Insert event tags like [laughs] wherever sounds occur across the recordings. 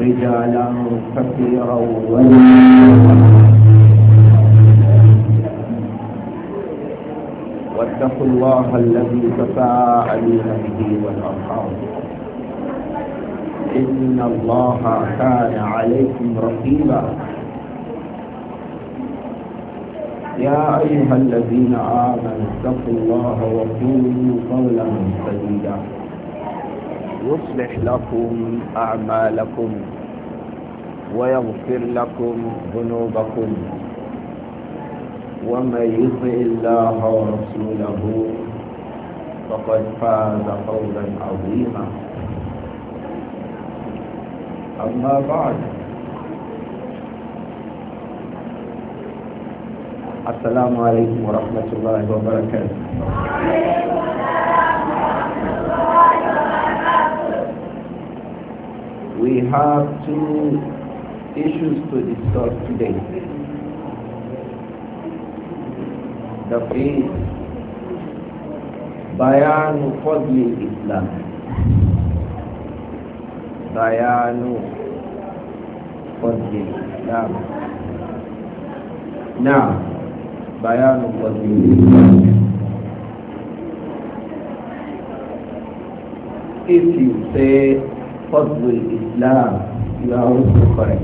رجالا كثيرا واتقوا الله الذي تساءلون به والارحام ان الله كان عليكم رقيبا يا ايها الذين امنوا اتقوا الله وقولوا قولا سديدا يصلح لكم أعمالكم ويغفر لكم ذنوبكم ومن يطع الله ورسوله فقد فاز فوزا عظيما أما بعد السلام عليكم ورحمة الله وبركاته we have two issues to discuss today. The first, Bayan Fadl Islam. Bayan Fadl Islam. Now, Bayan Fadl Islam. If you say what we Islam, you are also correct.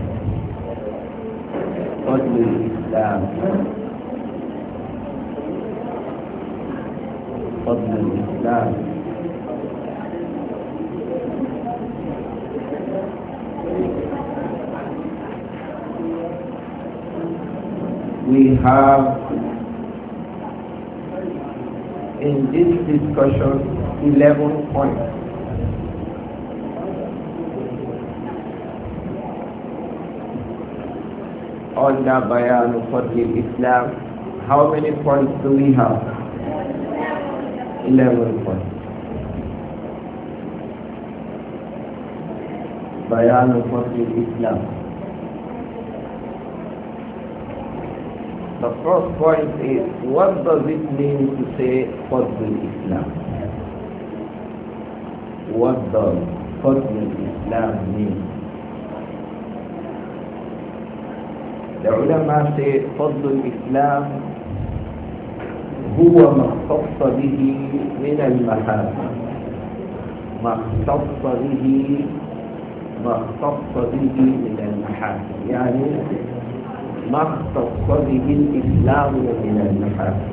What we Islam. what we Islam. We have in this discussion 11 points. On the Bayan Fadlil Islam. How many points do we have? 11 points. Bayan Fadlil Islam. The first point is what does it mean to say Fadlil Islam? What does Fadlil Islam mean? العلماء ulama فضل الإسلام هو ما اختص به من المحاسن ما اختص به ما اختص به من المحاسن يعني ما اختص به الإسلام من المحاسن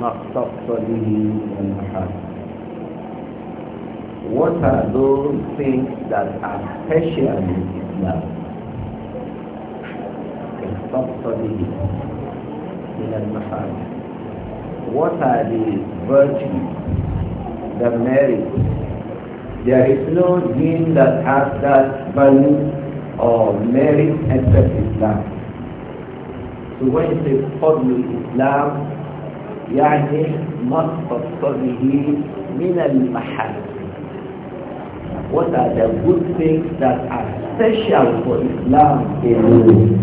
ما اختص به من المحاسن What are those things that are special in الإسلام اختص به من المحارم What are the virtues, the merits? There is no deen that has that value or merit except Islam. So when you say فضل الإسلام يعني ما اختص به من المحارم what are the good things that are special for Islam alone.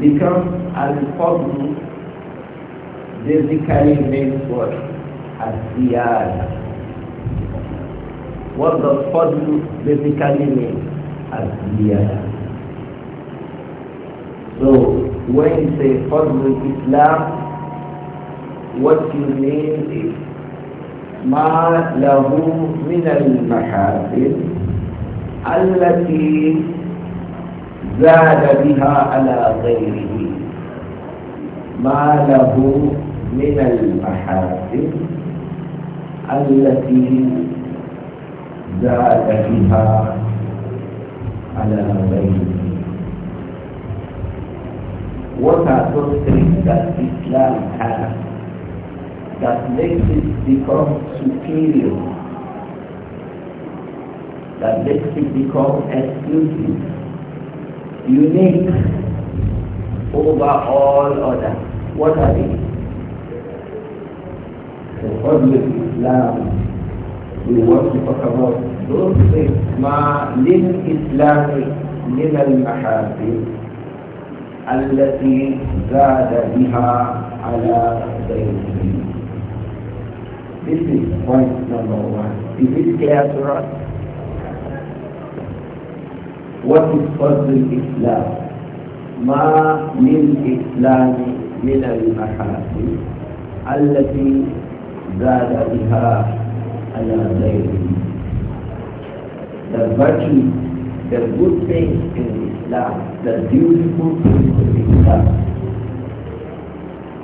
Because al-fadl basically means what? al ziyada What does fadl basically mean? al ziyada So when you say fadl Islam, والتنين you ما له من المحافل التي زاد بها على غيره ما له من المحافل التي زاد بها على غيره وتعطي الإسلام those that makes it become superior, that makes it become exclusive, unique over all others. What are they? The Republic Islam. We want to talk about those things. ما للإسلام من المحاسن التي زاد بها على غيره this is point number one. Is it clear to us? What is Fadl Islam? ما للإسلام من المحاسن التي زاد بها على غيره. The virtue, the good things in Islam, the beautiful things in Islam,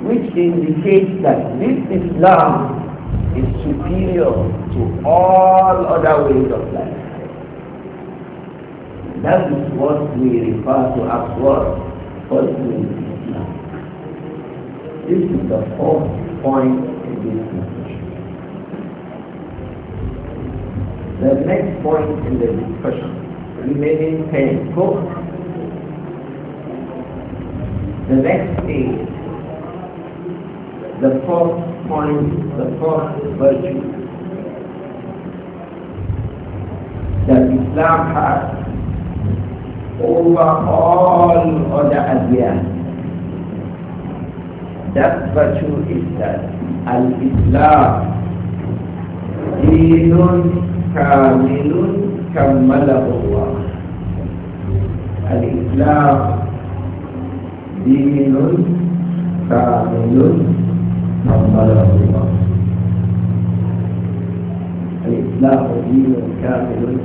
which indicates that this Islam is superior to all other ways of life. That is what we refer to as what? Following Islam. This is the fourth point in this discussion. The next point in the discussion, remaining ten, four. The next is the fourth find the first virtue that Islam has over all other ideas. That virtue is that Al-Islam دين كامل Allah الله الإسلام دين كامل مصدر الصفة الإطلاق دين كامل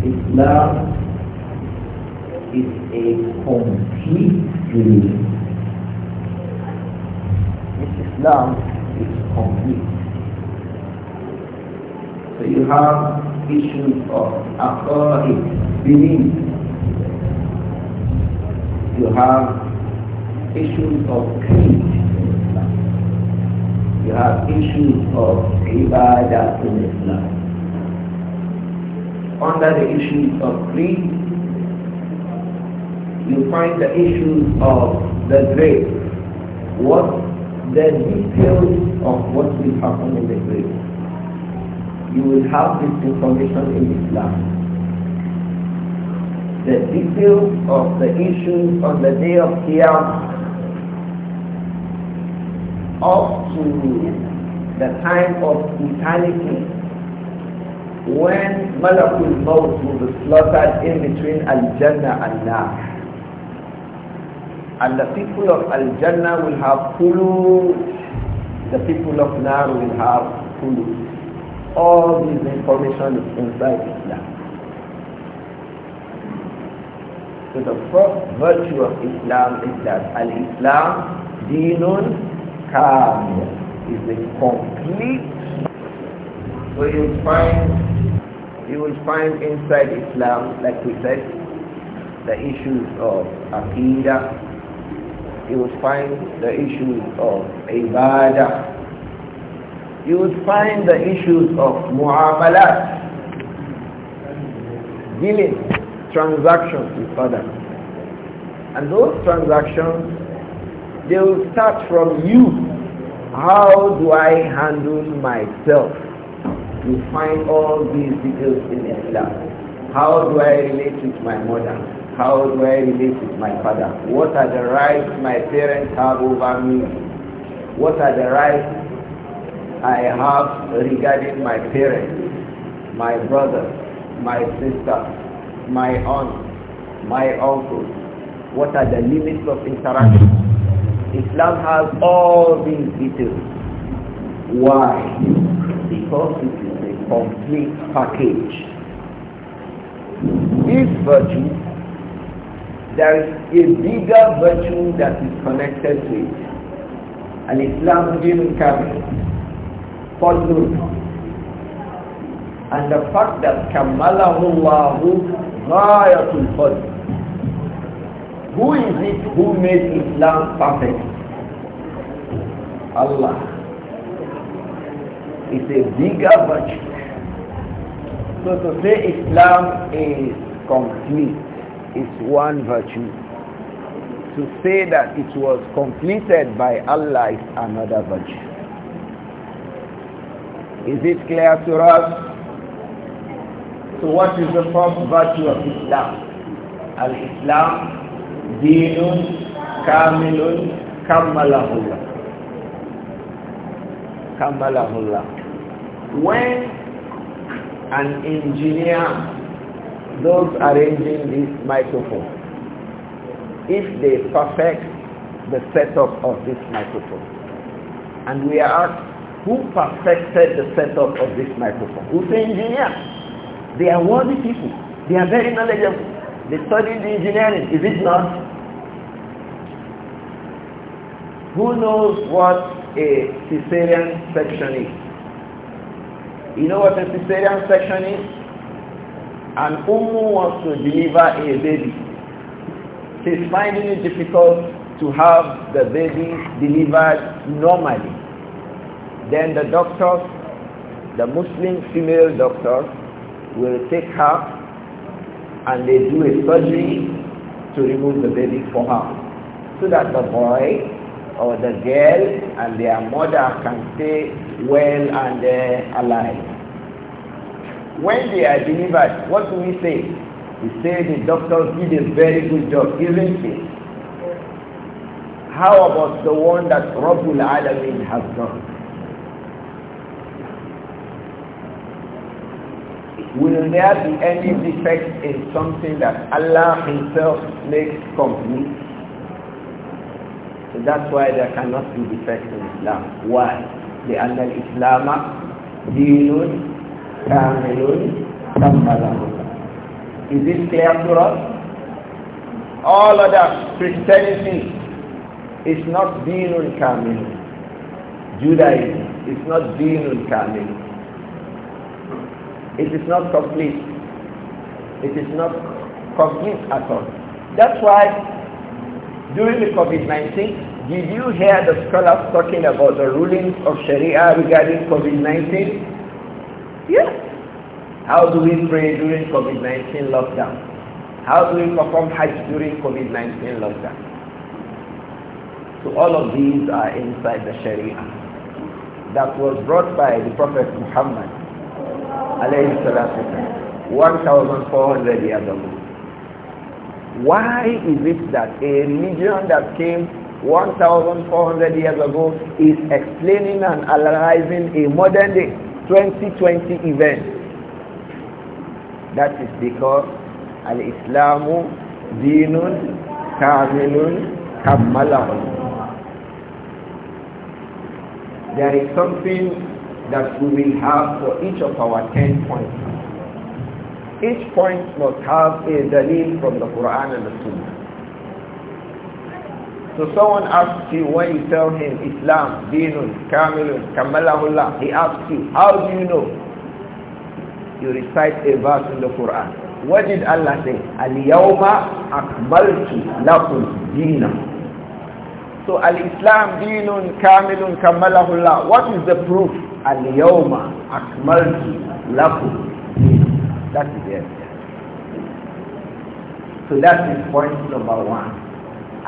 Islam is a complete religion. This Islam is complete. So you have issues of aqa'id, belief. You have issues of creed in Islam. You have issues of ibadah in Islam. Under the issues of creed, you find the issues of the grave. What the details of what will happen in the grave. You will have this information in Islam the details of the issues on the day of Qiyamah up to the time of eternity when Malakul Maut will be slaughtered in between Al-Jannah and Nar. And the people of Al-Jannah will have food, the people of Nar will have food. All this information is inside Islam. So the first virtue of Islam is that Al-Islam, Dinun, kamil is the complete. So you will find, you will find inside Islam, like we said, the issues of aqidah. You will find the issues of ibadah. You will find the issues of muamalat, dealing, transactions with others. And those transactions they will start from you. How do I handle myself? You find all these details in Islam. How do I relate with my mother? How do I relate with my father? What are the rights my parents have over me? What are the rights I have regarding my parents, my brother, my sister, my aunt, my uncle? What are the limits of interaction? Islam has all these details. Why? Because it is a complete package. This virtue, there is a bigger virtue that is connected to it. And Islam didn't come for And the fact that Kamalahullahu Ghayatul Fadl who is it who made Islam perfect? Allah. It's a bigger virtue. So to say Islam is complete is one virtue. To say that it was completed by Allah is another virtue. Is it clear to us? So what is the first virtue of Islam? Al-Islam dínún kámilún kámalahùlà kámalahùlà when an engineer those arranging this microphone if they perfect the setup of this microphone and we are asked who perfected the setup of this microphone who's the engineer they are worthy people they are very knowledgeable the study the engineering, is it not? Who knows what a cesarean section is? You know what a cesarean section is? An woman wants to deliver a baby. She's finding it difficult to have the baby delivered normally. Then the doctors, the Muslim female doctors, will take her and they do a surgery to remove the baby for her so that the boy or the girl and their mother can stay well and uh, alive. When they are delivered, what do we say? We say the doctors did a very good job, isn't it? How about the one that Rabbul Alamin has done? Will there be any defect in something that Allah himself makes complete? So that's why there cannot be defect in Islam. Why? لأن الإسلام دين كامل كمله Is this clear to us? All other Christianity is not دين كامل. Judaism is not دين كامل. It is not complete. It is not complete at all. That's why during the COVID-19, did you hear the scholars talking about the rulings of Sharia regarding COVID-19? Yes. How do we pray during COVID-19 lockdown? How do we perform Hajj during COVID-19 lockdown? So all of these are inside the Sharia that was brought by the Prophet Muhammad alayhi salatu 1,400 years ago. Why is it that a religion that came 1,400 years ago is explaining and analyzing a modern day 2020 event? That is because Al-Islamu dinun kamilun kammalahu. There is something that we will have for each of our ten points. Each point must have a dalil from the Quran and the Sunnah. So someone asks you when you tell him Islam, Dinun, Kamilun, Kamalahullah, he asks you, how do you know? You recite a verse in the Quran. What did Allah say? Al-Yawma Akmaltu Lakum Dina. So Al-Islam, Dinun, Kamilun, Kamalahullah. What is the proof? al-yawma akmaltu lakum that is the idea. so that is point number one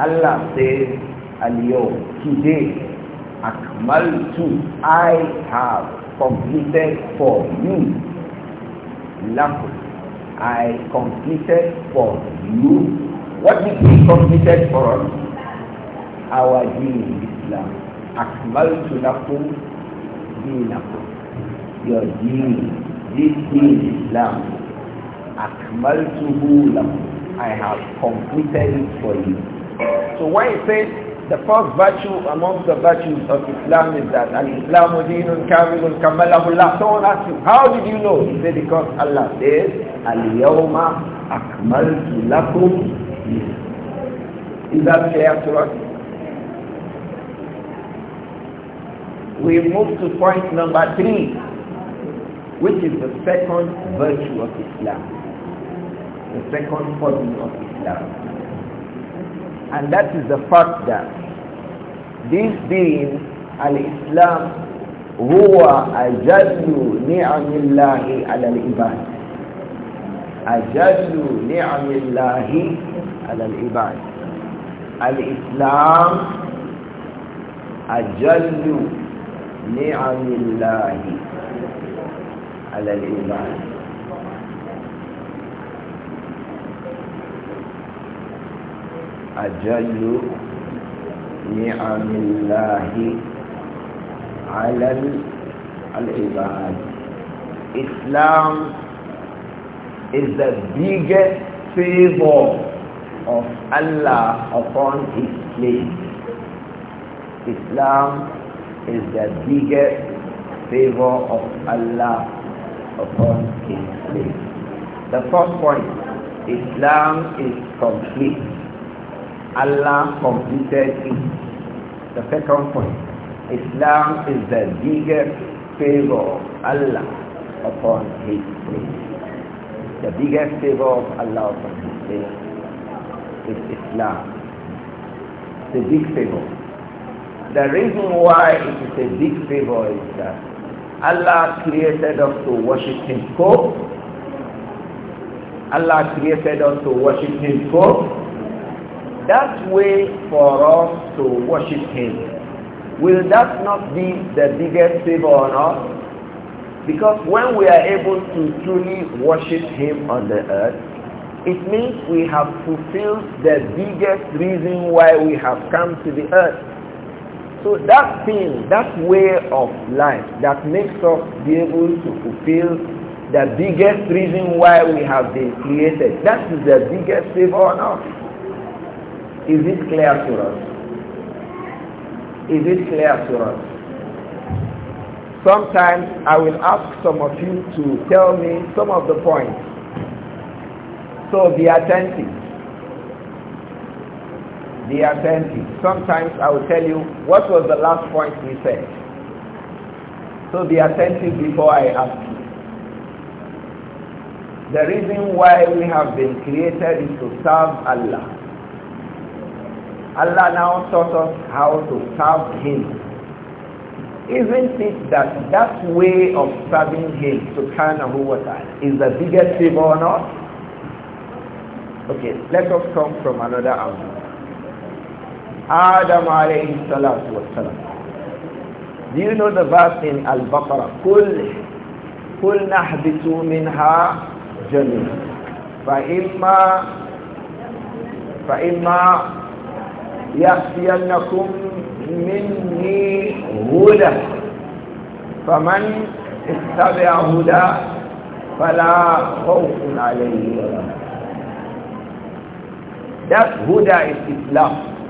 Allah says al-yawm today akmaltu I have completed for you lakum I completed for you what did he complete for us our deen Islam akmaltu lakum your deen, this deen Islam, akmaltuhu lakum, I have completed it for you. So when he says the first virtue among the virtues of Islam is that al-Islamu dinun kamilun kamalahu Allah. Someone asks you, how did you know? He said, because Allah says, al-yawma akmaltu lakum Is that clear to us? we move to point number three, which is the second virtue of Islam, the second virtue of Islam. And that is the fact that this being al-Islam, هو أجل نعم الله ibad, العباد ni'amillahi ala al على العباد الإسلام أجل نعم الله على العباد أجل نعم الله على العباد Islam is the biggest favor of Allah upon his slaves. Islam is the biggest favor of Allah upon his slave. The first point, Islam is complete. Allah completed it. The second point, Islam is the biggest favor of Allah upon his slave. The biggest favor of Allah upon his slave is Islam. The big favor. The reason why it is a big favor is that Allah created us to worship Him for. Allah created us to worship Him for. That way for us to worship Him. Will that not be the biggest favor on us? Because when we are able to truly worship Him on the earth, it means we have fulfilled the biggest reason why we have come to the earth. So that thing, that way of life that makes us be able to fulfill the biggest reason why we have been created, that is the biggest favor on us. Is it clear to us? Is it clear to us? Sometimes I will ask some of you to tell me some of the points. So be attentive the attentive. Sometimes I will tell you what was the last point we said. So be attentive before I ask you. The reason why we have been created is to serve Allah. Allah now taught us how to serve Him. Isn't it that that way of serving Him, subhanahu wa ta'ala, is the biggest favor or not? Okay, let us come from another angle. آدم عليه الصلاة والسلام Do you know the verse in Al-Baqarah? قل قل نحبس منها جميع فإما فإما يأتينكم مني هدى فمن اتبع هدى فلا خوف عليه ولا That هدى is Islam.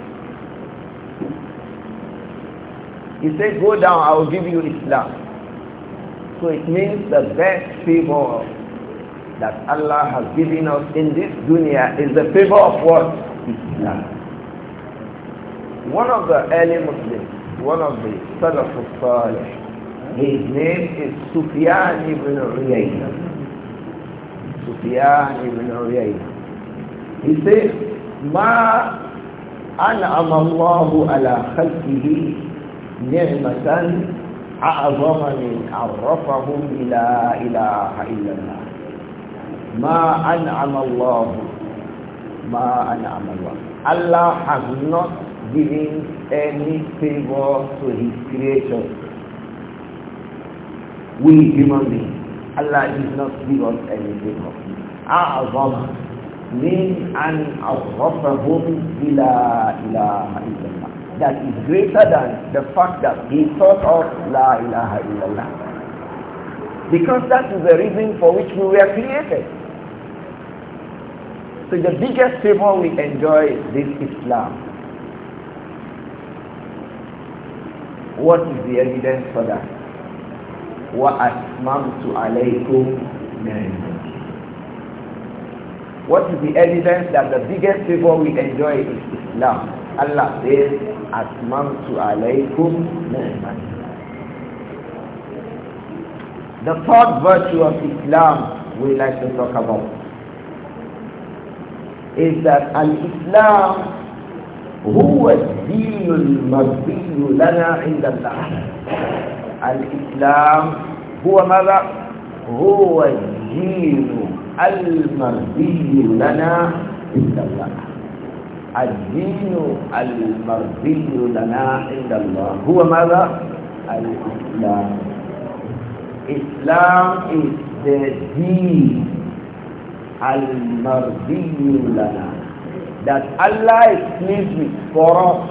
He said, go down, I will give you Islam. So it means the best favor that Allah has given us in this dunya is the favor of what? Islam. One of the early Muslims, one of the Salaf of salih his name is Sufyan ibn Uyayna. Sufyan ibn Uyayna. He says, ما أنعم الله على خلقه نعمة أعظم من عرفهم إلى إله إلا الله ما أنعم الله ما أنعم الله Allah has not given any favor to his creation we human beings Allah did not give us any favor أعظم من أن عرفهم إلى إله إلا الله that is greater than the fact that he thought of La ilaha illallah. Because that is the reason for which we were created. So the biggest favor we enjoy is this Islam. What is the evidence for that? وَأَتْمَمْتُ عَلَيْكُمْ نِعْمَةِ what is the evidence that the biggest favor we enjoy is Islam? Allah says, alaykum The third virtue of Islam we like to talk about is that Al-Islam who is الدين المرضي لنا عند الله الإسلام هو ماذا؟ هو الدين المرضي لنا عند الله الدين المرضي لنا عند الله هو ماذا الإسلام Islam is the المرضي لنا that Allah is pleased with for us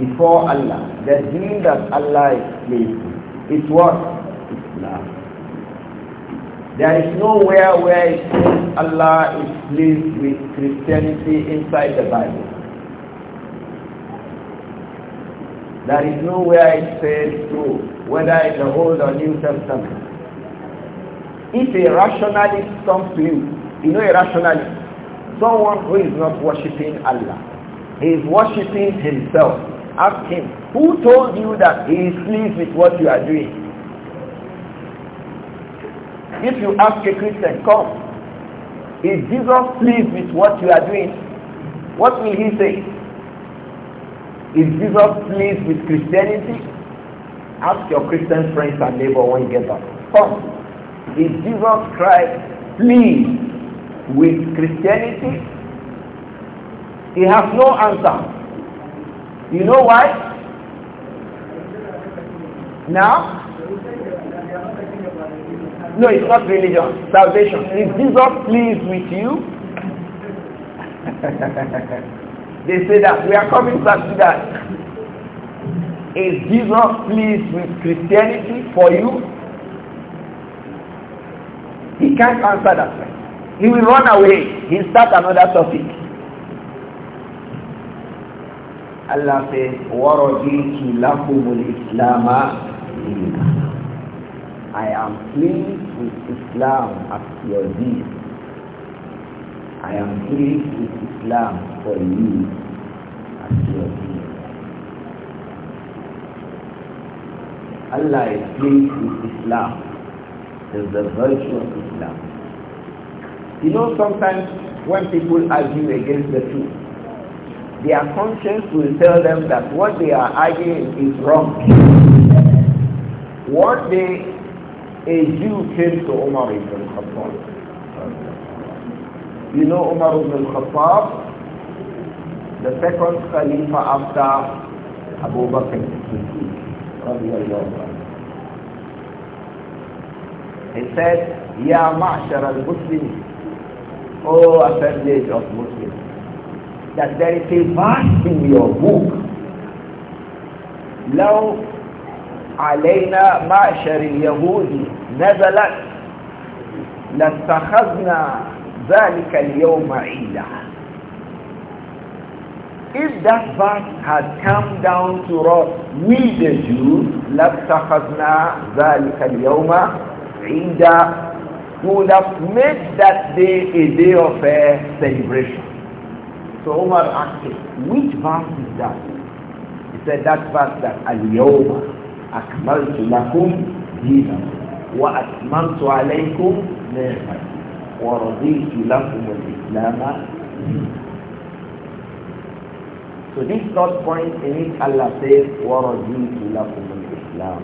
before Allah the deen that Allah is pleased with is what there is nowhere where it says Allah is pleased with Christianity inside the Bible. There is nowhere it says so, whether in the Old or New Testament. If a rationalist comes to you, you know a rationalist, someone who is not worshipping Allah, he is worshipping himself. Ask him, who told you that he is pleased with what you are doing? If you ask a Christian, come, is Jesus pleased with what you are doing? What will he say? Is Jesus pleased with Christianity? Ask your Christian friends and neighbor when you get back. Come, is Jesus Christ pleased with Christianity? He has no answer. You know why? Now, No, it's not religion. Salvation. Is Jesus pleased with you? [laughs] they say that. We are coming back to that. Is Jesus pleased with Christianity for you? He can't answer that. He will run away. He'll start another topic. Allah says, وَرَضِيتُ لَكُمُ الْإِسْلَامَ دِينًا I am pleased with Islam as your deed. I am pleased with Islam for you as your deed. Allah is pleased with Islam. It is the virtue of Islam. You know sometimes when people argue against the truth, their conscience will tell them that what they are arguing is wrong. What they a Jew came to Umar ibn al-Khattab. You know Umar ibn al-Khattab, the second Khalifa after Abu Bakr He said, Ya Ma'shar al-Muslims, O assemblage of Muslims, that there is a verse in your book, Now. علينا معشر اليهود نزلت لاتخذنا ذلك اليوم عيدا if that verse had come down to us, we the Jews, لَبْتَخَذْنَا ذَلِكَ الْيَوْمَ عِنْدَ We would have made that day a day of a celebration. So Omar asked him, which verse is that? He said, that verse that الْيَوْمَ أكملت لكم دينكم وأتممت عليكم نعمتي ورضيت لكم الإسلام So this third point in it Allah says, وَرَضِيتُ al-Islam."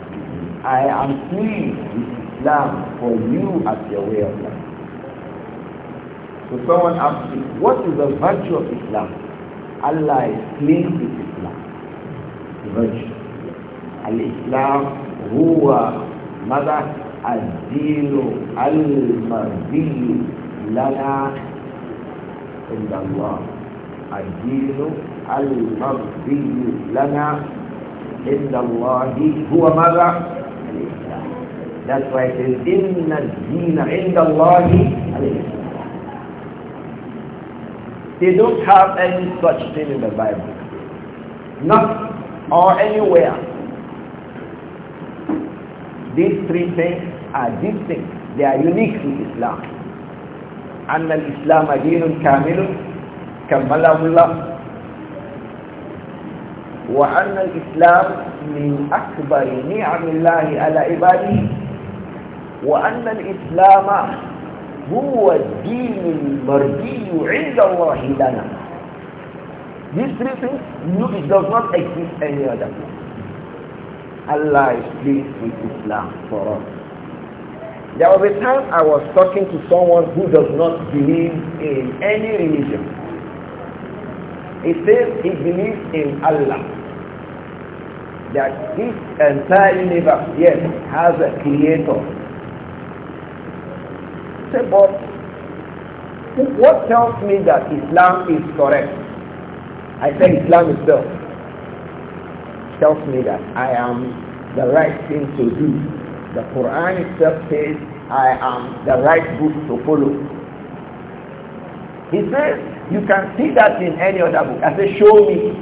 I am pleased with Islam for you as your way of life. So someone asks me, what is the virtue of Islam? Allah is pleased with Islam. Virtue. الإسلام هو ماذا الدين المرضي لنا عند الله الدين المرضي لنا عند الله هو ماذا الإسلام That's why it is إن الدين عند الله They don't have any such thing in the Bible. Not or anywhere. These three things are distinct. They are unique to Islam. أن الإسلام دين كامل كمله الله وأن الإسلام من أكبر نعم الله على عباده وأن الإسلام هو الدين المرجي عند الله لنا. These three things, it does not exist any other place. Allah is pleased with Islam for us. There was a time I was talking to someone who does not believe in any religion. He says he believes in Allah. That this entire universe, yes, has a creator. Say, but what tells me that Islam is correct? I say Islam is the tells me that I am the right thing to do. The Quran itself says I am the right book to follow. He says, you can see that in any other book. I say, show me.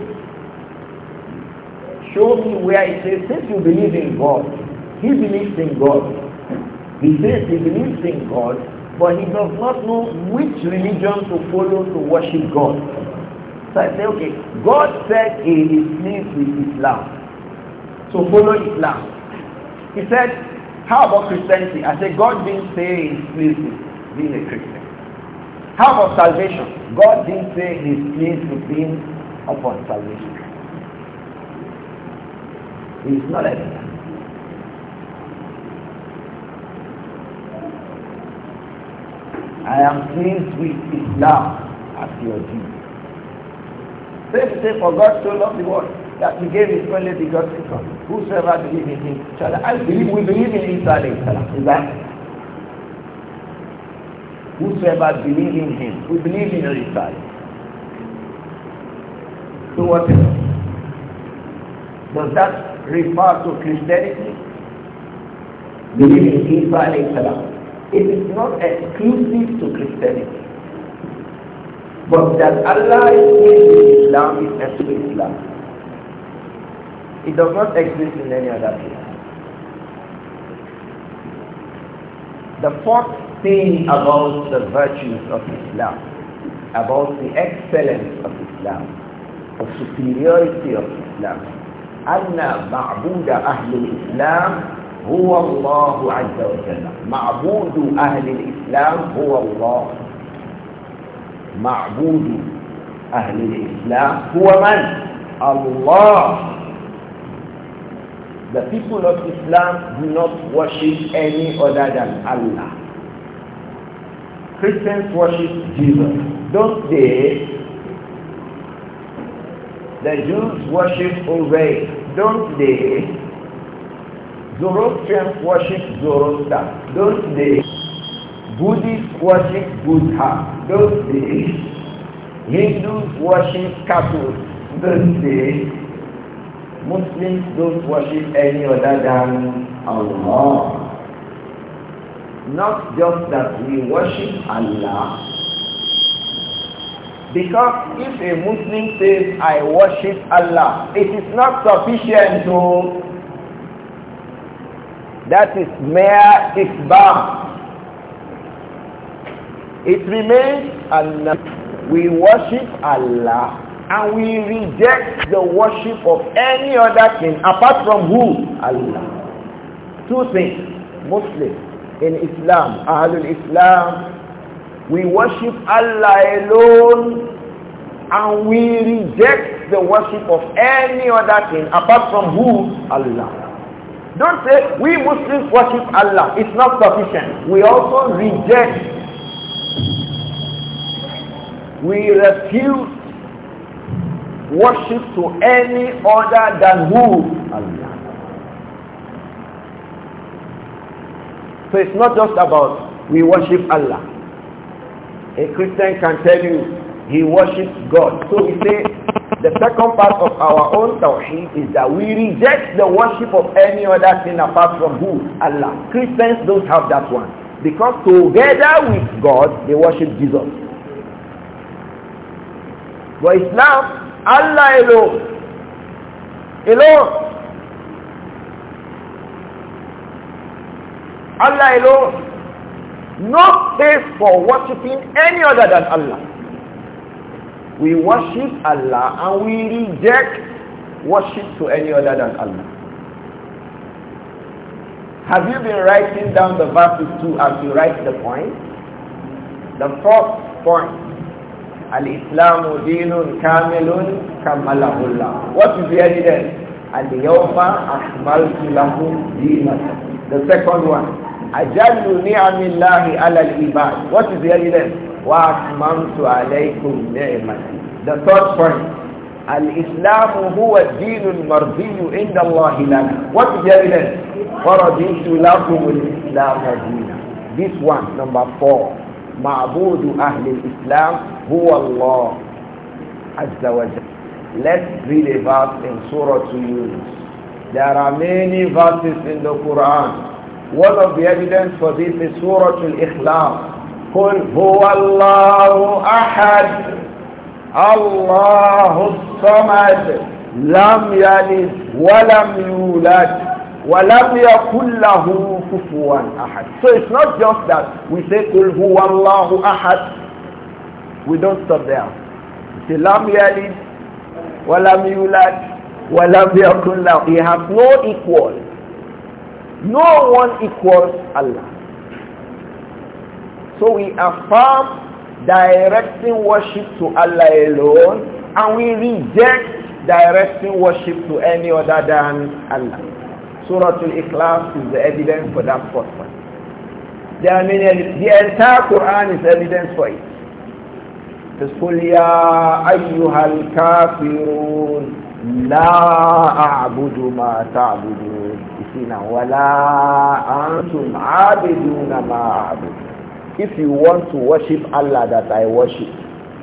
Show me where it says, since you believe in God, he believes in God. He says he believes in God, but he does not know which religion to follow to worship God. So I say, okay, God said he is pleased with Islam. So follow Islam. He said, how about Christianity? I said, God didn't say he's pleased with being a Christian. How about salvation? God didn't say he's pleased with being upon salvation. He's not like that. I am pleased with Islam as your Jesus. They say, for God so loved the world that he gave his only begotten Son. Whosoever believes in him shall I believe, we believe in Isa Is that? Whosoever believes in him, we believe in Isa So what Does that refer to Christianity? Believing in Isa It is not exclusive to Christianity. But that Allah is with Islam is exclude Islam. It does not exist in any other place. The fourth thing about the virtues of Islam, about the excellence of Islam, the superiority of Islam, أن معبود أهل الإسلام هو الله عز وجل معبود أهل الإسلام هو الله معبود أهل الإسلام هو من؟ الله The people of Islam do not worship any other than Allah. Christians worship Jesus, don't they? The Jews worship Uray, don't they? Zoroastrians worship Zoroaster, don't they? Buddhists worship Buddha, those days. Hindus worship cattle, those days. Muslims don't worship any other than Allah. Not just that we worship Allah. Because if a Muslim says, I worship Allah, it is not sufficient to... That is mere isbah. It remains Allah. We worship Allah and we reject the worship of any other king apart from who? Allah. Two things. Muslim in Islam, Ahlul Islam, we worship Allah alone and we reject the worship of any other thing apart from who? Allah. Don't say we Muslims worship Allah. It's not sufficient. We also reject we refuse worship to any other than who? Allah. So it's not just about we worship Allah. A Christian can tell you he worships God. So we say the second part of our own tawheed is that we reject the worship of any other thing apart from who? Allah. Christians don't have that one. Because together with God, they worship Jesus. But Islam, Allah alone. Alone. Allah alone. No place for worshipping any other than Allah. We worship Allah and we reject worship to any other than Allah. Have you been writing down the verses too as you write the point? The fourth point. Al-Islamu dinun kamilun kamalahullah. What is the evidence? Al-Yawma akmaltu lakum dinakum. The second one. Ajallu ni'amillahi ala al-ibad. What is the evidence? Wa akmamtu alaykum ni'mati. The third point. الإسلام هو الدين المرضي عند الله لنا what is the evidence فرضيت لكم الإسلام دينا this one number four معبود أهل الإسلام هو الله عز وجل let's read a verse in Surah Yunus there are many verses in the Quran one of the evidence for this is Surah Al-Ikhlas قل هو الله أحد الله الصمد لم يلد ولم يولد ولم يكن له كفوا أحد so it's not just that we say قل هو الله أحد we don't stop there we say لم يلد ولم يولد ولم يكن له he has no equal no one equals Allah so we affirm directing worship to Allah alone and we reject directing worship to any other than Allah. Surah Al-Ikhlas is the evidence for that first one. There are many, the entire Quran is evidence for it. It says, قُلْ يَا أَيُّهَا الْكَافِرُونَ لَا أَعْبُدُ مَا تَعْبُدُونَ You see now, وَلَا أَنْتُمْ عَابِدُونَ مَا أَعْبُدُونَ if you want to worship Allah that I worship,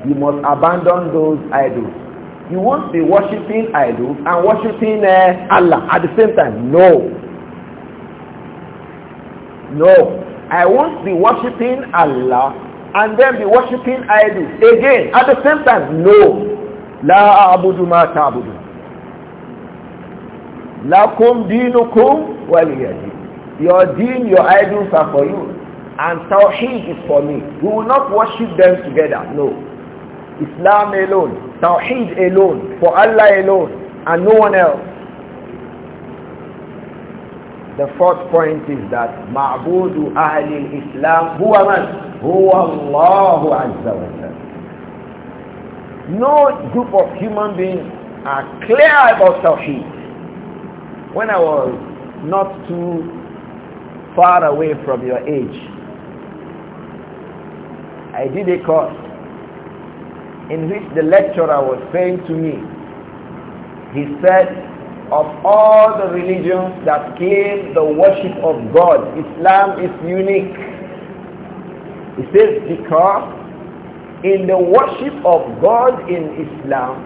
you must abandon those idols. You won't be worshiping idols and worshiping uh, Allah at the same time. No. No. I won't be worshiping Allah and then be worshiping idols again at the same time. No. La abudu ma ta'budu. Lakum dinukum waliyadin. Your deen, your idols are for you and Tawheed is for me. We will not worship them together. No. Islam alone, Tawheed alone, for Allah alone, and no one else. The fourth point is that Ma'budu Ahli Islam huwa man? Huwa Allahu Azza wa Jalla. No group of human beings are clear about Tawheed. When I was not too far away from your age, I did a course in which the lecturer was saying to me, he said, of all the religions that claim the worship of God, Islam is unique. He says, because in the worship of God in Islam,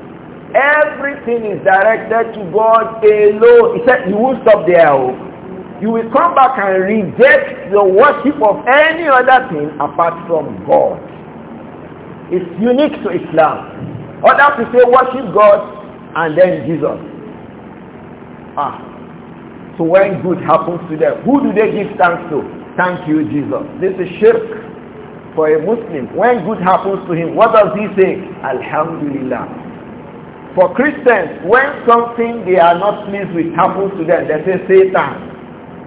everything is directed to God alone. He said, you won't stop there. Oh you will come back and reject the worship of any other thing apart from God. It's unique to Islam. Other people worship God and then Jesus. Ah. So when good happens to them, who do they give thanks to? Thank you, Jesus. This is shirk for a Muslim. When good happens to him, what does he say? Alhamdulillah. For Christians, when something they are not pleased with happens to them, they say Satan.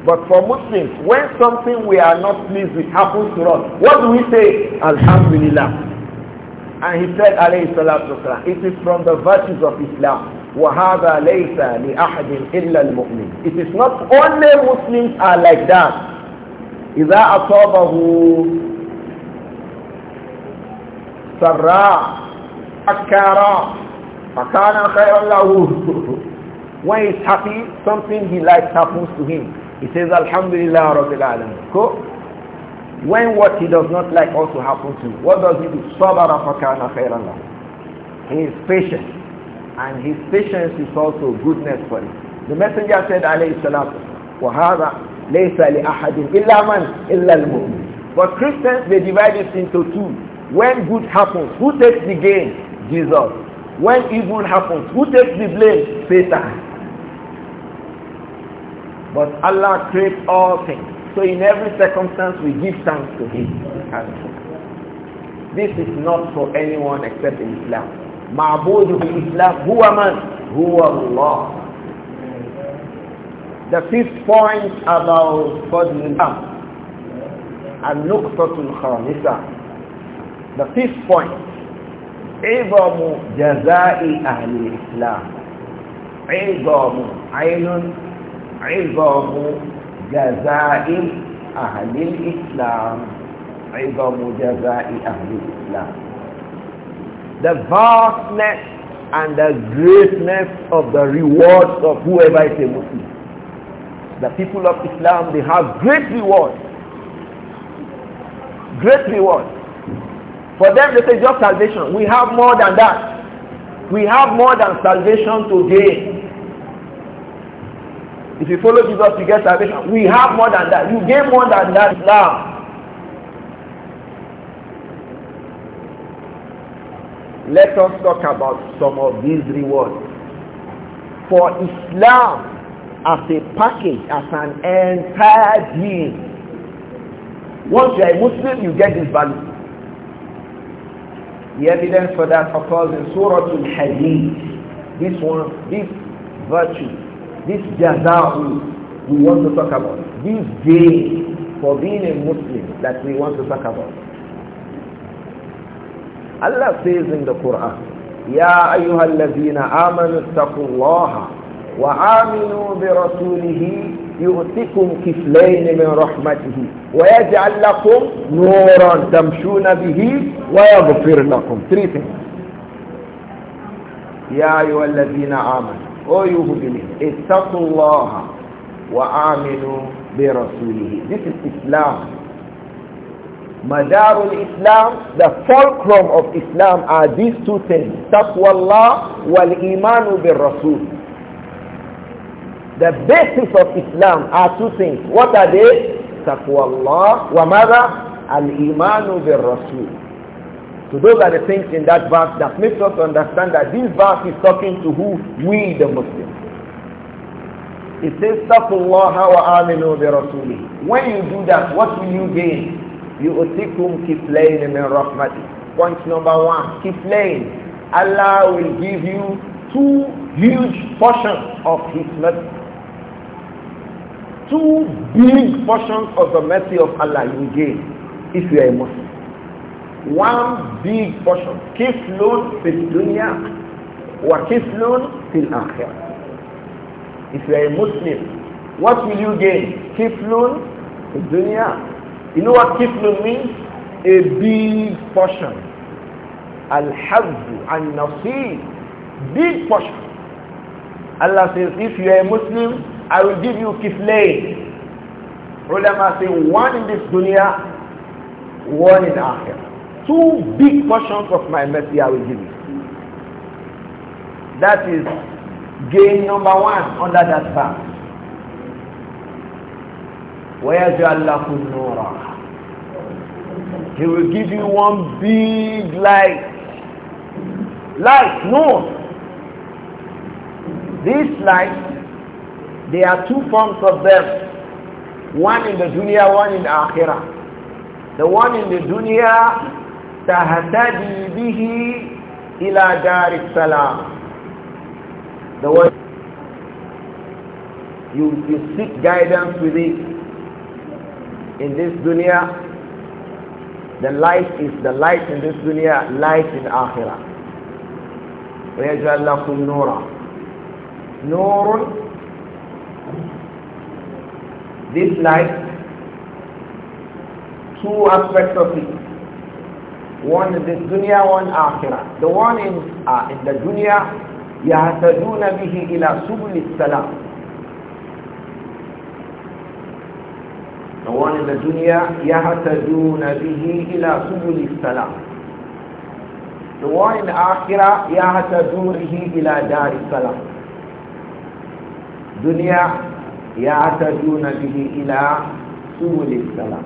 But for Muslims, when something we are not pleased with happens to us, what do we say? Alhamdulillah. And he said, alayhi salatu it is from the virtues of Islam. وَهَذَا لَيْسَ لِأَحَدٍ إِلَّا الْمُؤْمِنِ It is not only Muslims are like that. إِذَا أَصَابَهُ سَرَّاء أَكَّارًا فَكَانَ خَيْرًا لَهُ When he's happy, something he likes happens to him. He says, Alhamdulillah Rabbil Alam. So, When what he does not like also happens to him, what does he do? Sabara fakana He is patient. And his patience is also goodness for him. The messenger said, alayhi salatu, وَهَذَا لَيْسَ لِأَحَدٍ إِلَّا مَنْ إِلَّا الْمُؤْمِنِ But Christians, they divide it into two. When good happens, who takes the gain? Jesus. When evil happens, who takes the blame? Satan. But Allah creates all things. So in every circumstance we give thanks to Him. This is not for anyone except in Islam. Ma'budu bi Islam, huwa man, huwa Allah. The fifth point about Fadlul Am and Nuqtatul Khamisa. The fifth point, عظم جزاء أهل الإسلام. عظم عين عظم جزاء أهل الإسلام عظم جزاء أهل الإسلام the vastness and the greatness of the rewards of whoever is a Muslim. The people of Islam, they have great rewards. Great rewards. For them, they say just salvation. We have more than that. We have more than salvation today. If you follow Jesus, you get salvation. We have more than that. You get more than that now. Let us talk about some of these rewards. For Islam as a package, as an entire deal. once you are a Muslim, you get this value. The evidence for that occurs in Surah al hadid This one, this virtue this jaza we want to talk about. This day for being a Muslim that we want to talk about. Allah says in the Quran, "Ya يا أيها الذين آمنوا wa الله bi برسوله يؤتكم كفلين من رحمته ويجعل لكم نورا تمشون به ويغفر لكم three things يا أيها الذين آمنوا O you who believe, wa aminu bi rasulihi. This is Islam. Madarul Islam, the fulcrum of Islam are these two things. Taqwallah wal imanu bi rasul. The basis of Islam are two things. What are they? Taqwallah wa mada? Al imanu bi rasul. So those are the things in that verse that makes us understand that this verse is talking to who? We the Muslims. It says, Taqullaha wa aminu bi When you do that, what will you gain? You utikum kiflayn min rahmati. Point number one, kiflayn. Allah will give you two huge portions of His mercy. Two big portions of the mercy of Allah you will gain if you are a Muslim one big portion kiflun fil dunya wa kiflun fil akhirah if you are a muslim what will you gain kiflun fil dunya you know what kiflun means a big portion al-hazz al nasib big portion Allah says if you are a muslim I will give you kiflain ulama say one in this dunya one in akhirah two big portions of my mercy I will give you. That is gain number one under that path. وَيَجْعَلْ لَكُمْ نُورًا He will give you one big light. Light, no. This light, there are two forms of them. One in the dunya, one in the akhirah. The one in the dunya tahtadi bihi ila dar salam the word you, you seek guidance with it in this dunya the light is the light in this dunya light in akhirah ويجعل لكم نورا نور this light two aspects of it one in this dunya one akhirah the one in uh, in the dunya يهتدون به إلى سبل السلام the one in the dunya يهتدون به إلى سبل السلام the one in the akhirah يهتدون به إلى دار السلام دنيا يهتدون به إلى سبل السلام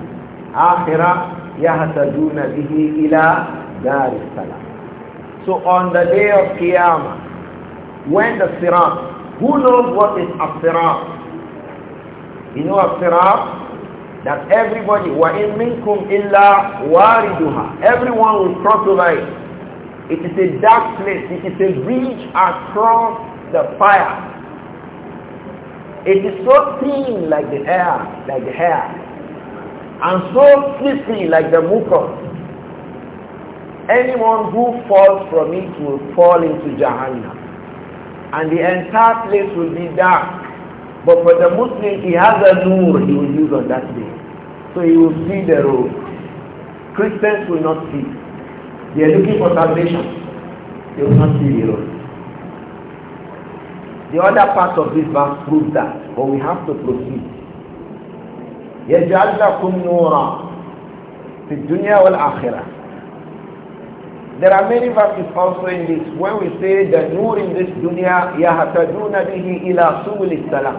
آخرة So on the day of Qiyamah, when the sirat, who knows what is a You know a sirat? that everybody wa in minkum illa wariduha everyone will cross over it it is a dark place it is a bridge across the fire it is so thin like the air like the hair and so slippery like the mukra. Anyone who falls from it will fall into Jahannam. And the entire place will be dark. But for the Muslim, he has a nur he will use on that day. So he will see the road. Christians will not see. They are looking for salvation. They will not see the road. The other part of this verse proves that, but we have to proceed. يجعل لكم نورا في الدنيا والآخرة There are many verses also in this where we say the nur in this dunya يهتدون به إلى سبل السلام.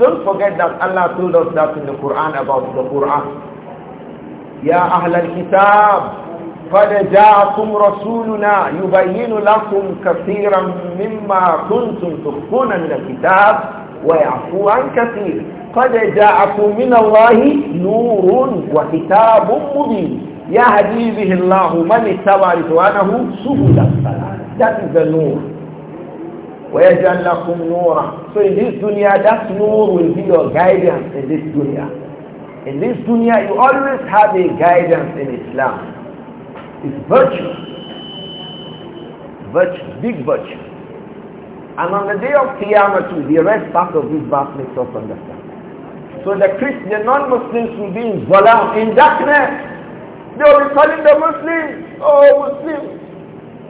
Don't forget that Allah told us that in the Quran about the Quran. يا أهل الكتاب قد رسولنا يبين لكم كثيرا مما كنتم تخفون من الكتاب ويعفو عن كثير قد جاءكم من الله نور وكتاب مبين يهدي به الله من اتبع رضوانه سبل السلام That is the nur. ويجعل لكم نورا. So in this dunya, that nur will be your guidance in this dunya. In this dunya, you always have a guidance in Islam. It's virtue. Virtue, big virtue. And on the day of Qiyamah too, the rest part of this verse makes us understand. So the Christian, non-Muslims will be in Zalam, in darkness. They will be calling the Muslims, oh Muslims,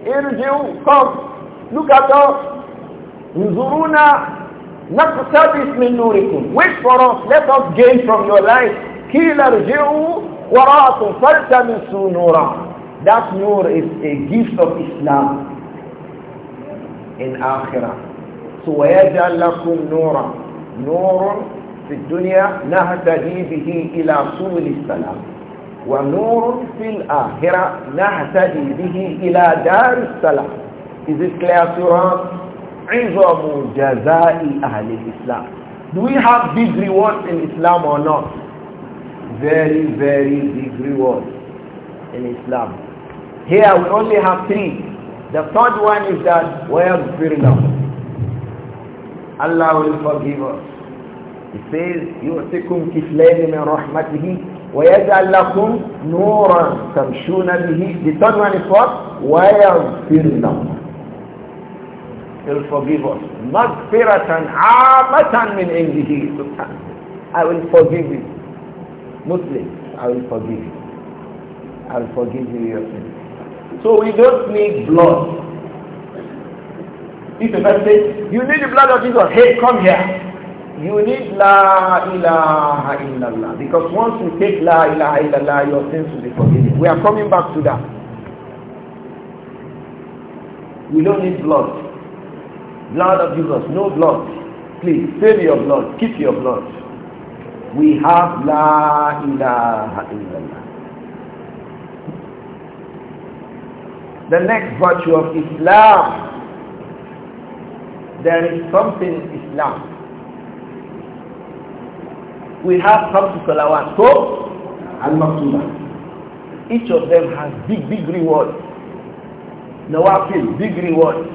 irjiu, come, look at us. Nuzuruna, naqtabis min nurikum. Wait for us, let us gain from your light. Kila irjiu, wara'atum faltamisu nura. That nur is a gift of Islam. آخرة هو يجعل لكم نورا نور في الدنيا نهتدي به إلى سبل السلام ونور في الآخرة نهتدي به إلى دار السلام إذ الكلاسيران عظم جزاء أهل الإسلام Do we have big rewards in Islam or not? Very, very big rewards in Islam. Here we only have three. The third one is that وَيَغْفِرْ لَهُمْ Allah will forgive us. He says, يُعْتِكُمْ min rahmatihi, رَحْمَتِهِ وَيَجْعَلْ لَكُمْ نُورًا تَمْشُونَ بِهِ The third one is what? ويغفر لَهُمْ He'll forgive us. مَغْفِرَةً amatan min عِنْدِهِ I will forgive you. Muslims, I will forgive you. I will forgive you your sins. So we don't need blood. If a person says, you need the blood of Jesus, hey, come here. You need La ilaha illallah. Because once you take La ilaha illallah, your sins will be forgiven. We are coming back to that. We don't need blood. Blood of Jesus, no blood. Please, save your blood. Keep your blood. We have La ilaha illallah. The next virtue of Islam, there is something in Islam. We have come to Salawat, so al Maksuda. Each of them has big, big reward. Nawafil, big reward.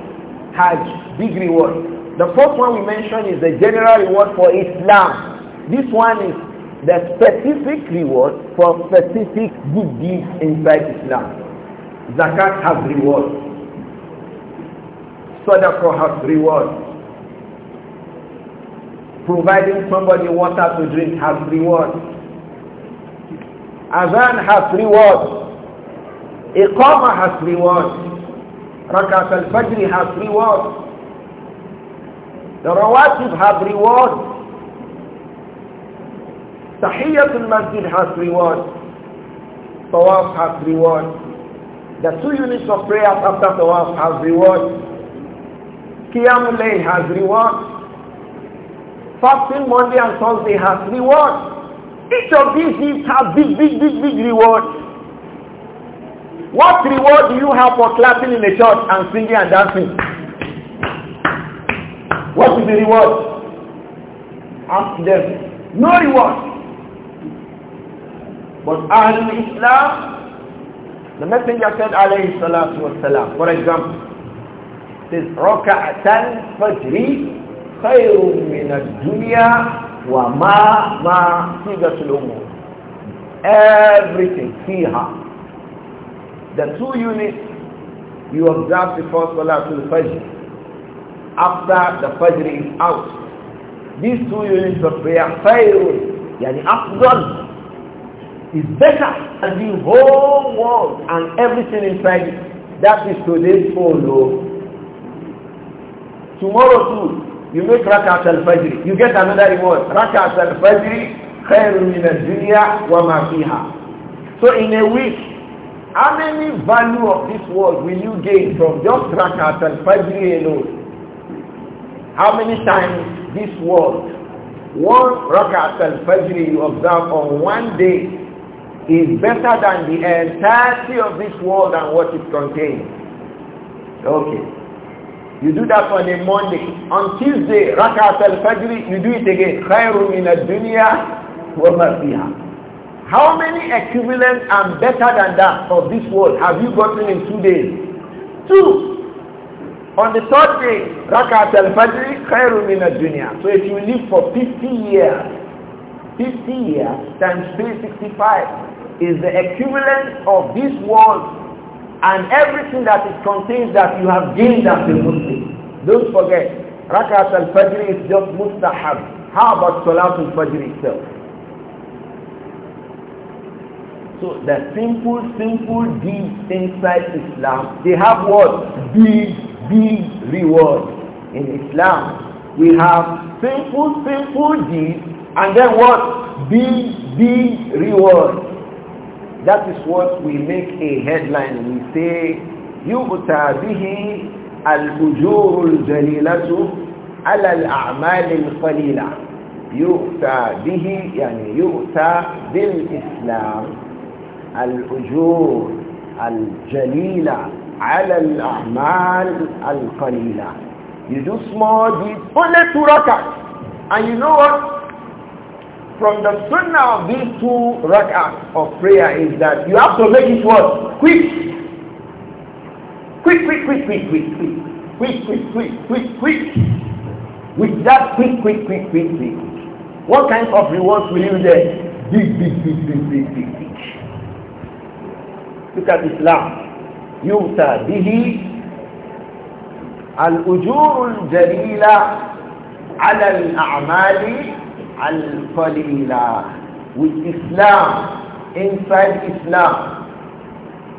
Hajj, big reward. The first one we mentioned is the general reward for Islam. This one is the specific reward for specific good deeds inside Islam. Zakat has reward. Sadaqah has reward. Providing somebody water to drink has reward. Azan has reward. Iqama has reward. Rakat al-Fajr has reward. The Rawatib have reward. al Masjid has reward. Tawaf has reward. The two units of prayers after the world has reward. Qiyamul Lay has reward. Fasting Monday and Thursday has reward. Each of these things has big, big, big, big reward. What reward do you have for clapping in the church and singing and dancing? What is the reward? Ask them. No reward. But Ahlul Islam the Messenger said, alayhi salatu wasalam, for example, says, رَكَعْتَنْ فَجْرِ خَيْرٌ مِنَ wa ma ma سِيدَةُ الْأُمُورِ Everything, fiha. The two units you observe before Salatul Fajr, after the Fajr is out. These two units of prayer, خَيْرٌ يعني أفضل is better than the whole world and everything inside it. That is today's phone. Oh. Tomorrow too, you make rakat al-fajr. You get another reward. Rakat al-fajr khairun min al-dunya wa ma fiha. So in a week, how many value of this world will you gain from just rakat al-fajr alone? How many times this world one rakat al-fajr you observe on one day is better than the entirety of this world and what it contains. Okay. You do that on a Monday. On Tuesday, Rakat al-Fajr, you do it again. خَيْرٌ in الدُّنْيَا وَمَا how many equivalent and better than that of this world have you gotten in two days? Two. On the third day, Rakat al-Fajr, Khairun in dunya So if you live for 50 years, 50 years times 365, is the equivalent of this world and everything that it contains that you have gained as a Muslim. Don't forget, Rakat al-Fajr is just mustahab. How about Salat al-Fajr itself? So the simple, simple deeds inside Islam, they have what? Big, big reward. In Islam, we have simple, simple deeds and then what? Big, big reward. That is what we make a headline. We say, يُؤْتَى بِهِ الْأُجُورُ الْجَلِيلَةُ عَلَى الْأَعْمَالِ الْقَلِيلَةِ يُؤْتَى بِهِ يعني يُؤْتَى بِالْإِسْلَامِ الْأُجُورُ الْجَلِيلَةُ عَلَى الْأَعْمَالِ الْقَلِيلَةِ You do small deeds, only two rakats. And you know what? from the sunnah of these two rak'ah of prayer is that you have to make it what? Quick. Quick, quick, quick, quick, quick, quick. Quick, quick, quick, quick, quick. With that quick, quick, quick, quick, quick. What kind of reward will you get? Big, big, big, big, big, big, big. Look at Islam. ujur al الأجور ala al-`amali." al-qalila. With Islam, inside Islam,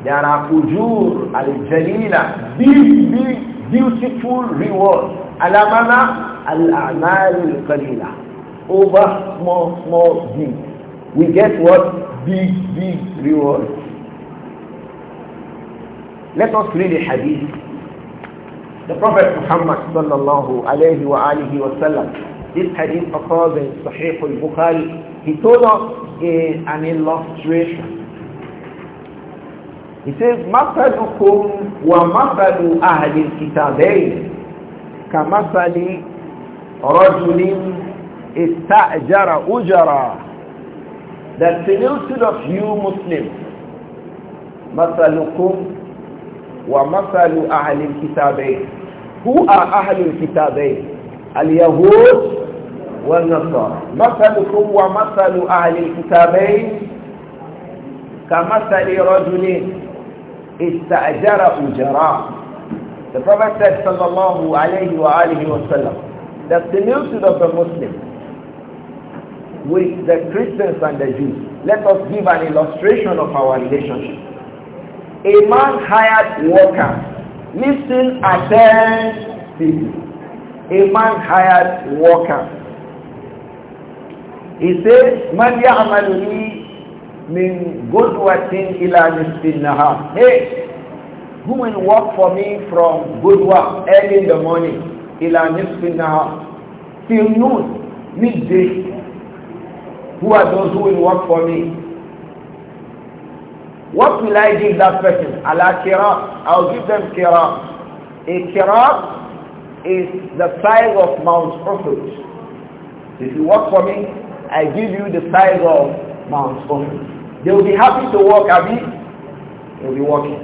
there are ujur al-jalila, big, big, beautiful reward. Alamana al-a'mal al-qalila. Over small, small deeds. We get what? Big, big reward. Let us read the hadith. The Prophet Muhammad sallallahu alayhi wa alihi wa sallam This hadith occurs in Sahih al-Bukhari. He told us in an illustration. He says, مَثَلُكُمْ وَمَثَلُ أَهْلِ الْكِتَابَيْنِ كَمَثَلِ رَجُلٍ اسْتَأْجَرَ ujara." That similitude of you Muslims. مَثَلُكُمْ وَمَثَلُ أَهْلِ الْكِتَابَيْنِ Who are أَهْلُ الْكِتَابَيْنِ اليهود والنصارى مثلكم ومثل أهل الكتابين كمثل رجل استأجر أجراء The Prophet said sallallahu alayhi wa sallam that the multitude of the Muslims with the Christians and the Jews, let us give an illustration of our relationship. A man hired worker, listen, attend people a man hired worker. He says, Man ya'maluni min gudwatin ila nisfin nahar. Hey, who will work for me from gudwa early in the morning ila nisfin till noon, midday. Who are those who will work for me? What will I give that person? Ala kiram. I'll give them kira. A kira." is the size of Mount Uhud. If you work for me, I give you the size of Mount Uhud. They will be happy to work, Abi. They will be working.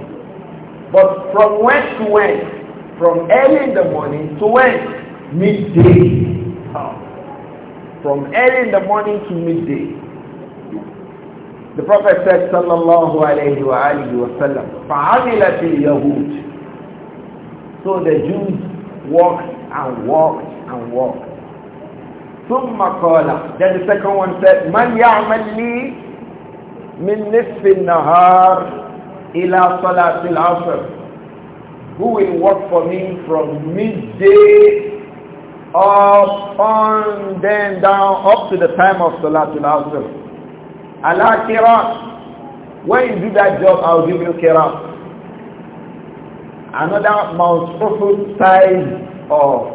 But from when to when? From early in the morning to when? Midday. From early in the morning to midday. The Prophet said, sallallahu alayhi wa alihi wa sallam, فَعَمِلَتِ الْيَهُودِ So the Jews walked and walked and walked. ثم قال then the second one said من يعمل لي من نصف النهار إلى صلاة العصر who will work for me from midday up on then down up to the time of Salatul Asr. Allah When you do that job, I'll give you Kirat another Mount Uhud size of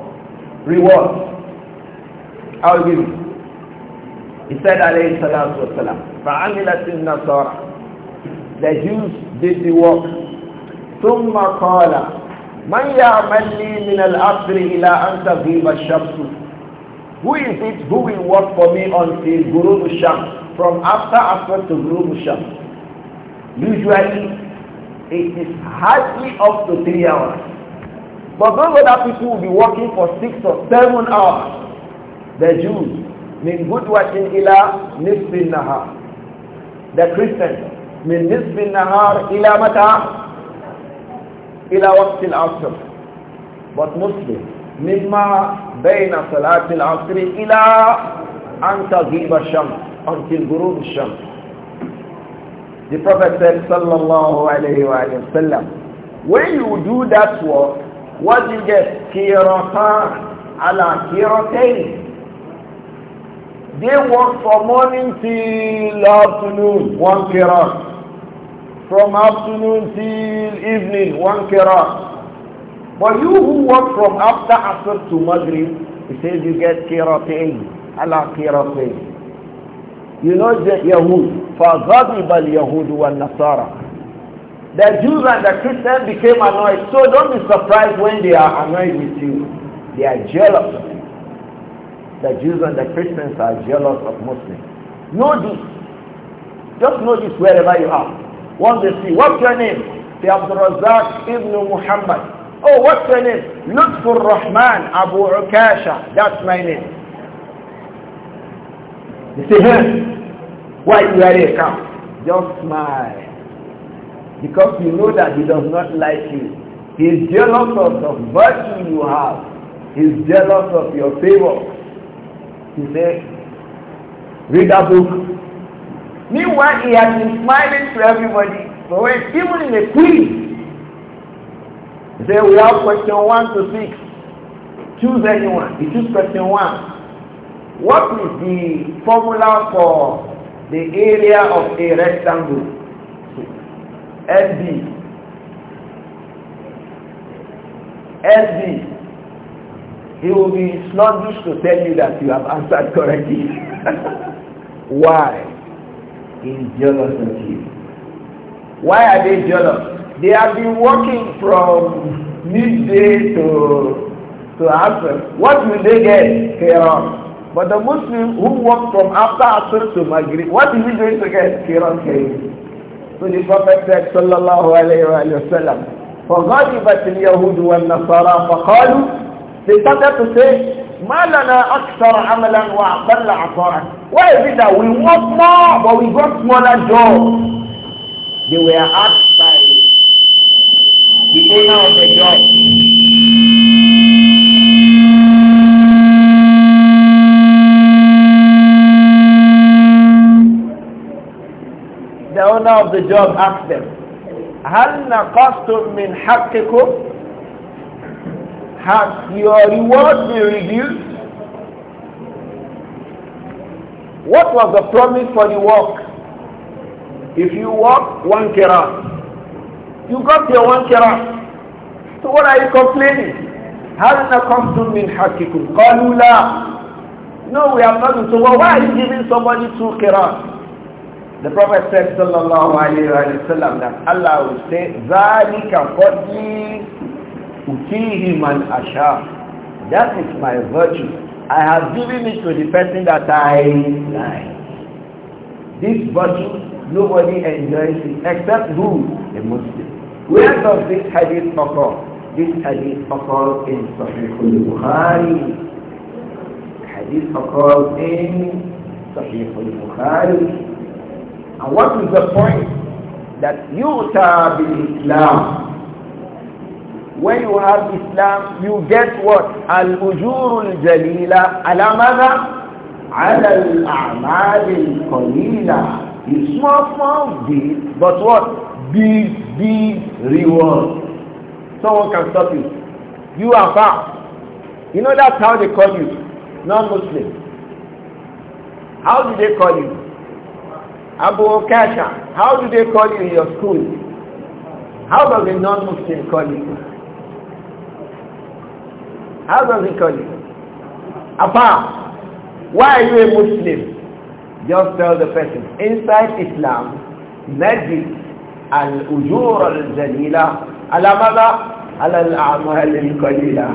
reward. I will give you. He said, alayhi salatu wasalam, فَعَمِلَتِ النَّصَارَ The Jews did the work. ثُمَّ قَالَ مَنْ يَعْمَلْ لِي مِنَ الْأَصْرِ إِلَىٰ أَنْ تَغِيبَ الشَّمْسُ Who is it who will work for me until Guru Shams? From after after to Guru Shams. Usually, it is hardly up to three hours. But those other people will be working for six or seven hours. The Jews, min gudwatin ila nisbin nahar. The Christians, min nisbin nahar ila mata ila waqtil asr. But Muslims, mimma bayna salatil asr ila anta taghiba shams until ghurub shams. The Prophet said, Sallallahu Alaihi Wasallam, when you do that work, what do you get? Kiratan ala kiratain. They work from morning till afternoon, one kirat. From afternoon till evening, one kirat. But you who work from after after to Maghrib, he says you get kiratain, ala kiratain. You know the Yahud. فَغَضِبَ الْيَهُودُ وَالنَّصَارَى The Jews and the Christians became annoyed. So don't be surprised when they are annoyed with you. They are jealous of you. The Jews and the Christians are jealous of Muslims. Know this. Just know this wherever you are. Once they see, what's your name? The Abdul Razak ibn Muhammad. Oh, what's your name? Lutfur Rahman Abu Ukasha. That's my name. You say, hey, why you are here, come? Just smile. Because you know that he does not like you. He is jealous of the virtue you have. He is jealous of your favor. He said, read a book. Meanwhile, he has been smiling to everybody. But when, even in a quiz, he said, we have question one to six. Choose anyone. He choose question one. What is the formula for the area of a rectangle? LD. LD. He will be sluggish to tell you that you have answered correctly. [laughs] Why? He's jealous of you. Why are they jealous? They have been working from midday to to answer. What will they get? Chaos. But the Muslim who walked from after Asr to Maghrib, what is he doing to get Kiran Kayin? So the Prophet said, Sallallahu Alaihi Wasallam, فغضبت اليهود والنصارى فقالوا they started to say ما لنا أكثر عملا وأقل عطاء why is it that we want more but we got smaller jobs they were asked by the owner of the job the owner of the job asked them, هَلْ نَقَصْتُمْ مِنْ حَقِّكُمْ Has your reward been reduced? What was the promise for the work? If you work one kera, you got your one kera. So what are you complaining? هَلْ نَقَصْتُمْ مِنْ حَقِّكُمْ قَالُوا لَا No, we are not. So why are you giving somebody two kera? The Prophet said sallallahu alayhi wa sallam that Allah will say, ذَلِكَ فَضْلِي أُتِيهِ asha." That is my virtue. I have given it to the person that I like. This virtue, nobody enjoys it except who? The Muslim. Where does this hadith occur? This hadith occurs in Sahih al-Bukhari. Hadith occurs in Sahih al-Bukhari. And what is the point? That you have Islam. When you have Islam, you get what? Al-ujur al-jalila ala madha? Ala al-a'mal al-qalila. It's small, small deed, but what? Big, big reward. Someone can stop you. You are far. You know that's how they call you. Non-Muslim. How do they call you? Abu Okasha, how do they call you in your school? How does a non-Muslim call you? How does he call you? Apa, why are you a Muslim? Just tell the person, inside Islam, najid al-ujur al-jalila ala mada ala al-amal al-qalila.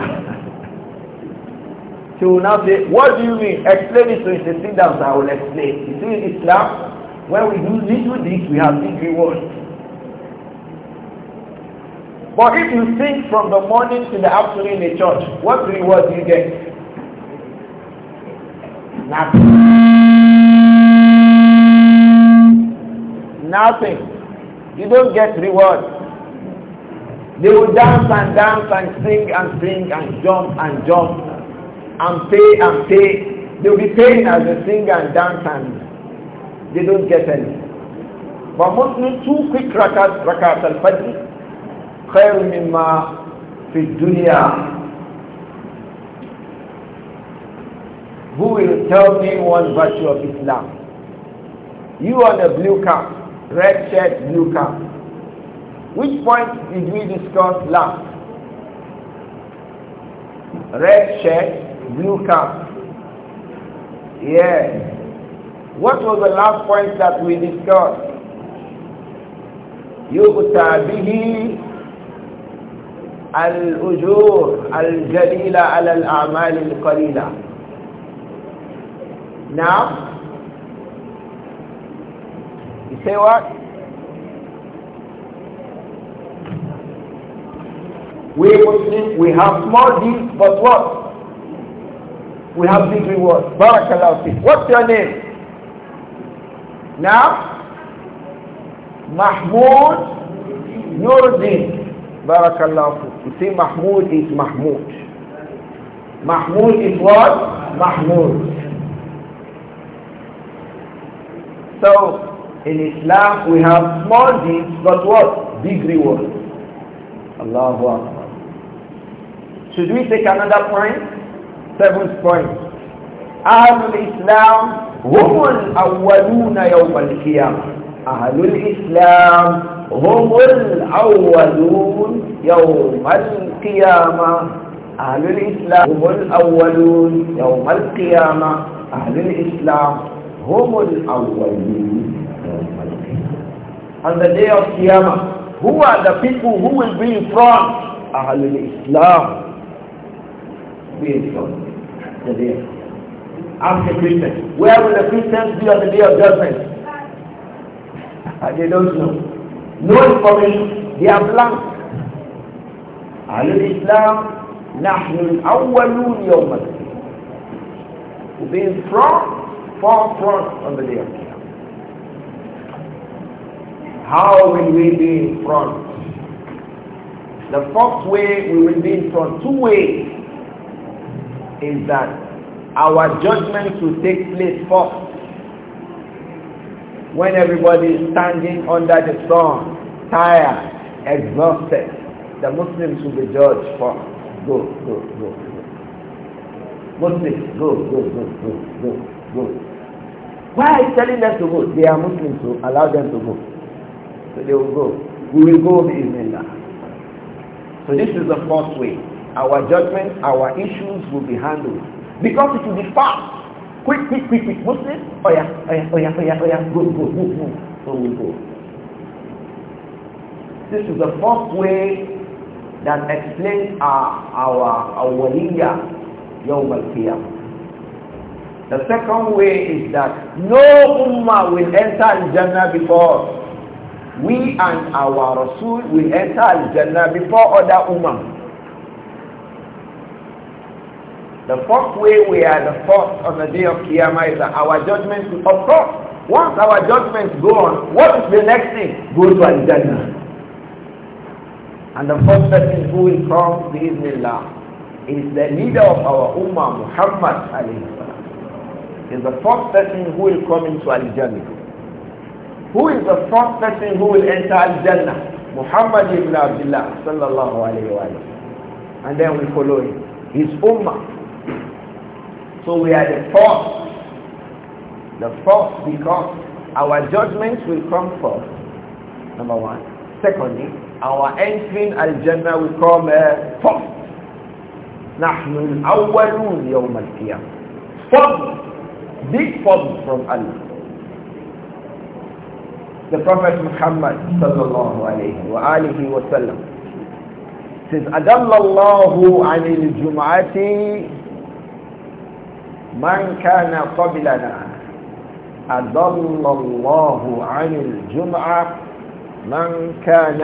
[laughs] She will now say, what do you mean? Explain it to him. She sit down, I will explain. You see Islam? When we do little this, we have big reward. But if you think from the morning to the afternoon in the church, what reward do you get? Nothing. Nothing. You don't get reward. They will dance and dance and sing and sing and jump and jump and pay and pay. They'll be paying as they sing and dance and they don't get any. But Muslim, two quick rakat, rakat al-fajr, خير in في dunya? Who will tell me one virtue of Islam? You on a blue cap, red shirt, blue cap. Which point did we discuss last? Red shirt, blue cap. Yes. What was the last point that we discussed? يؤتى به الأجور الجليلة على الأعمال القليلة Now, you say what? We Muslims, we have small deeds, but what? We have big rewards. Barakallahu What's your name? Now, Mahmoud Nuruddin. Barakallahu. You see, Mahmoud is Mahmoud. Mahmoud is what? Mahmoud. So, in Islam, we have small deeds, but what? Big reward. Allahu Akbar. Should we take another point? Seventh point. Ahlul Islam هم الأولون يوم القيامة أهل الإسلام هم الأولون يوم القيامة أهل الإسلام هم الأولون يوم القيامة أهل الإسلام هم الأولون يوم القيامة On the day of Qiyamah, who are the people who will be in front? أهل الإسلام. Be in front. The day of ask a where will the Christians be on the day of judgment? [laughs] they don't know. No information. They are blank. Al Islam, نحن الأولون يوم We'll be in front, far front on the day of Qiyamah. How will we be in front? The first way we will be in front, two ways, is that our judgment will take place first when everybody is standing under the sun tired exhausted the muslims will be judged first go go go muslims go go go go go go why are you telling them to go they are muslims so allow them to go so they will go we will go now. so this is the first way our judgment our issues will be handled because it will be fast. Quick, quick, quick, quick. Muslim? Oh yeah, oh yeah, oh yeah, oh yeah, oh yeah. Go, go, move, move. So we go. This is the first way that explains our our our yawm al-qiyamah. The second way is that no ummah will enter Jannah before us. We and our Rasul will enter Jannah before other ummah. The fourth way we are the fourth on the day of Qiyamah is that our judgment, of course, once our judgment go on, what is the next thing? Go to Al-Jannah. And the first person who will come, Bismillah, is the leader of our Ummah, Muhammad alayhi Is the first person who will come into Al-Jannah. Who is the first person who will enter Al-Jannah? Muhammad ibn Abdullah sallallahu alayhi wa And then we follow him. His Ummah. So we are the first. The first because our judgments will come first. Number one. Secondly, our entering Al-Jannah will come uh, first. نحن الأولون يوم القيامة. First. Big first from Allah. The Prophet Muhammad صلى alayhi wa وآله wa sallam says, أَدَلَّ اللَّهُ عَنِ الْجُمْعَةِ Man كان قبلنا أضل الله عن الجمعة من كان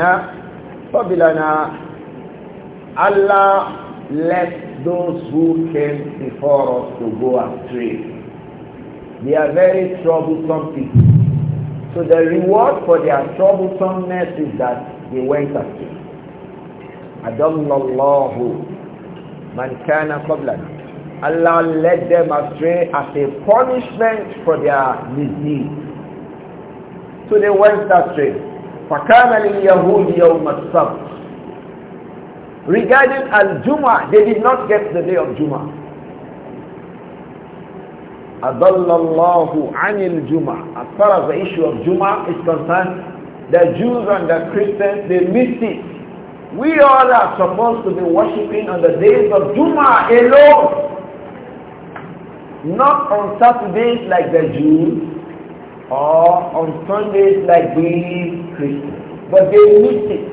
Allah let those who came before us to go astray. They are very troublesome people. So the reward for their troublesomeness is that they went astray. أَدَلَّ اللَّهُ مَنْ كَانَ قَبْلَنَا Allah led them astray as a punishment for their misdeeds. So they went astray. فَكَانَ لِلْيَهُودِ يَوْمَ السَّبْتِ Regarding Al-Jum'ah, they did not get the day of Jum'ah. أَضَلَّ اللَّهُ عَنِ الْجُمْعَةِ As far as the issue of Jum'ah is concerned, the Jews and the Christians, they missed it. We all are supposed to be worshipping on the days of Jum'ah alone. Not on Saturdays like the Jews or on Sundays like the Christians. But they missed it.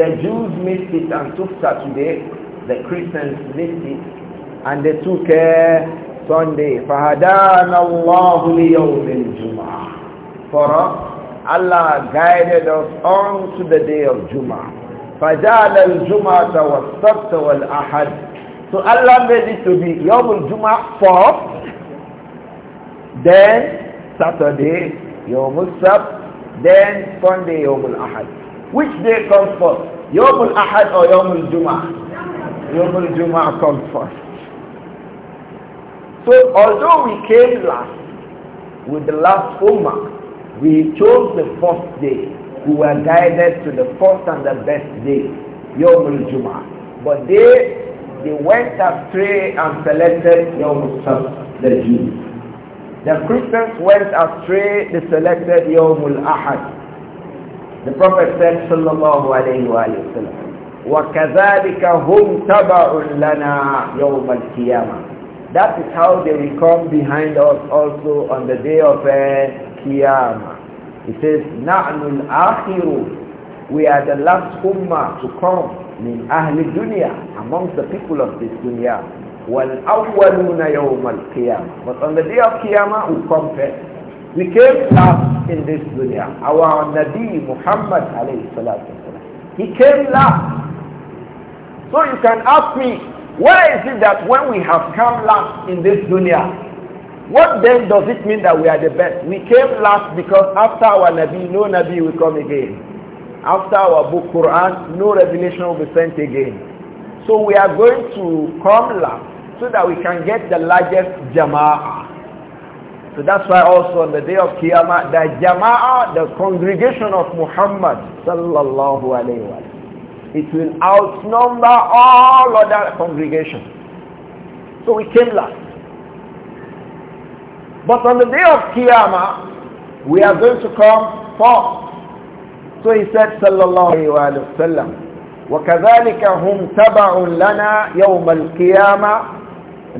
The Jews missed it and took Saturday. The Christians missed it and they took uh, Sunday. فَهَدَانَ اللَّهُ لِيَوْمِ Juma. For us, Allah guided us on to the day of Jum'ah. فَجَعَلَ الْجُمْعَةَ وَالسَّبْتَ وَالْأَحَدِ so Allah made it to be Yomul Juma first, then Saturday Yomul Sab then Sunday Yomul Ahad. Which day comes first? Yomul Ahad or Yomul Juma? Yomul Juma comes first. So although we came last with the last Ummah, we chose the first day. We were guided to the first and the best day, Yomul Juma. But they they went astray and selected Yom the Jews. The Christians went astray, they selected Yom Ahad. The Prophet said, Sallallahu Alaihi Wasallam, وَكَذَلِكَ هُمْ تَبَعٌ لَنَا يَوْمَ الْقِيَامَةِ That is how they will come behind us also on the day of uh, Qiyamah. It says, نَعْنُ الْآخِرُ We are the last ummah to come min ahli dunya the people of this dunya wal awwaluna yawm al qiyamah but on the day of qiyamah we come first we came last in this dunya our nabi muhammad alayhi salatu he came last so you can ask me why is it that when we have come last in this dunya what then does it mean that we are the best? We came last because after our Nabi, no Nabi will come again after our book Quran, no revelation will be sent again. So we are going to come last so that we can get the largest jama'ah. So that's why also on the day of Qiyamah, the jama'ah, the congregation of Muhammad sallallahu alayhi wa it will outnumber all other congregations. So we came last. But on the day of Qiyamah, we are going to come first. So he said sallallahu alayhi wa وكذلك هم تبع لنا يوم القيامة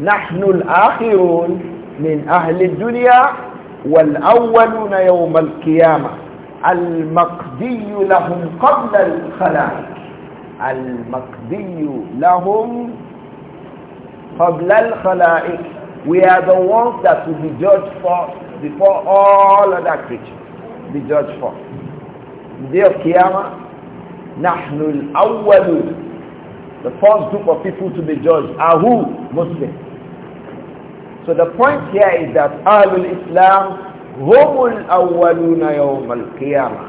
نحن الآخرون من أهل الدنيا والأولون يوم القيامة المقدي لهم قبل الخلائق المقدي لهم قبل الخلائق we are the ones that will be judged for before all other creatures be judged for day of Qiyamah, Nahnul Awwalu. The first group of people to be judged are who? Muslims. So the point here is that Ahlul Islam, Humul Awwaluna Yawm Al-Qiyamah.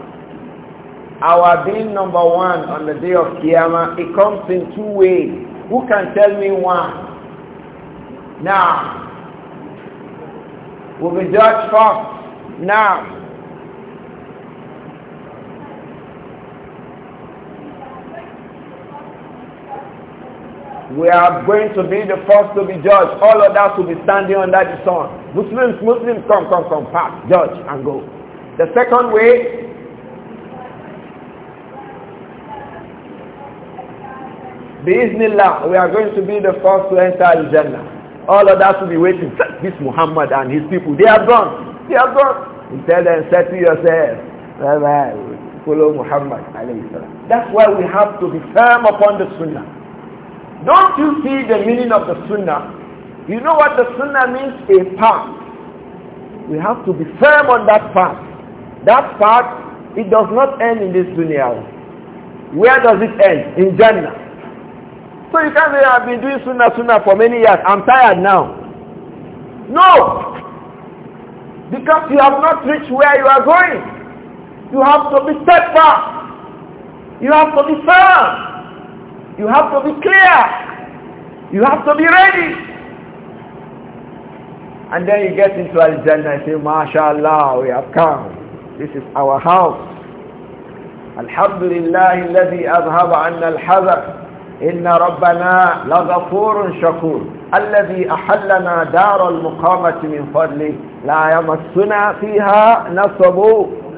Our being number one on the day of Qiyamah, it comes in two ways. Who can tell me one? Now. We'll be judged first. Now. we are going to be the first to be judged. All of us will be standing under the sun. Muslims, Muslims, come, come, come, pass, judge, and go. The second way, Bismillah, we are going to be the first to enter Al-Jannah. All of us will be waiting. This Muhammad and his people, they are gone. They are gone. You tell them, say to yourself, bye bye, follow Muhammad. That's why we have to be firm upon the Sunnah. Don't you see the meaning of the sunnah? You know what the sunnah means? A path. We have to be firm on that path. That path, it does not end in this dunya. Where does it end? In Jannah. So you can't say, I've been doing sunnah, sunnah for many years. I'm tired now. No! Because you have not reached where you are going. You have to be steadfast. You have to be firm. You have to be clear. You have to be ready. And then you get into Al-Jannah and say, MashaAllah, we have come. This is our house. Alhamdulillah, الذي أذهب عنا الحذر. إن ربنا لغفور شكور. الذي أحلنا دار المقامة من فضله لا يمسنا فيها نصب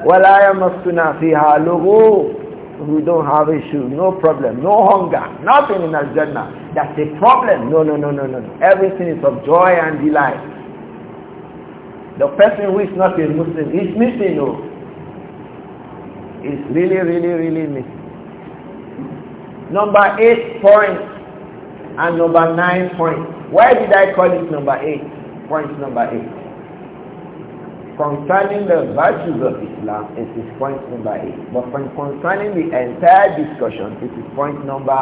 ولا يمسنا فيها لغوب we don't have issue, no problem, no hunger, nothing in our jannah. That's a problem. No, no, no, no, no. Everything is of joy and delight. The person who is not a Muslim is missing, no. Oh. Is really, really, really missing. Number eight point and number nine point. Why did I call it number eight? Point number eight concerning the virtues of Islam, it is point number eight. But concerning the entire discussion, it is point number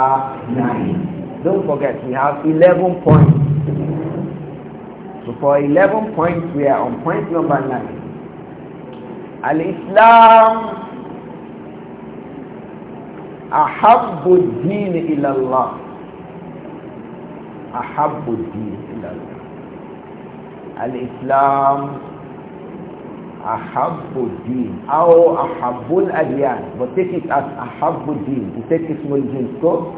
nine. Don't forget, we have 11 points. So for 11 points, we are on point number nine. Al-Islam أحب الدين إلى الله أحب الدين إلى الله الإسلام ahabbu din aw Adiyan but take it as ahabbu din you take it small din so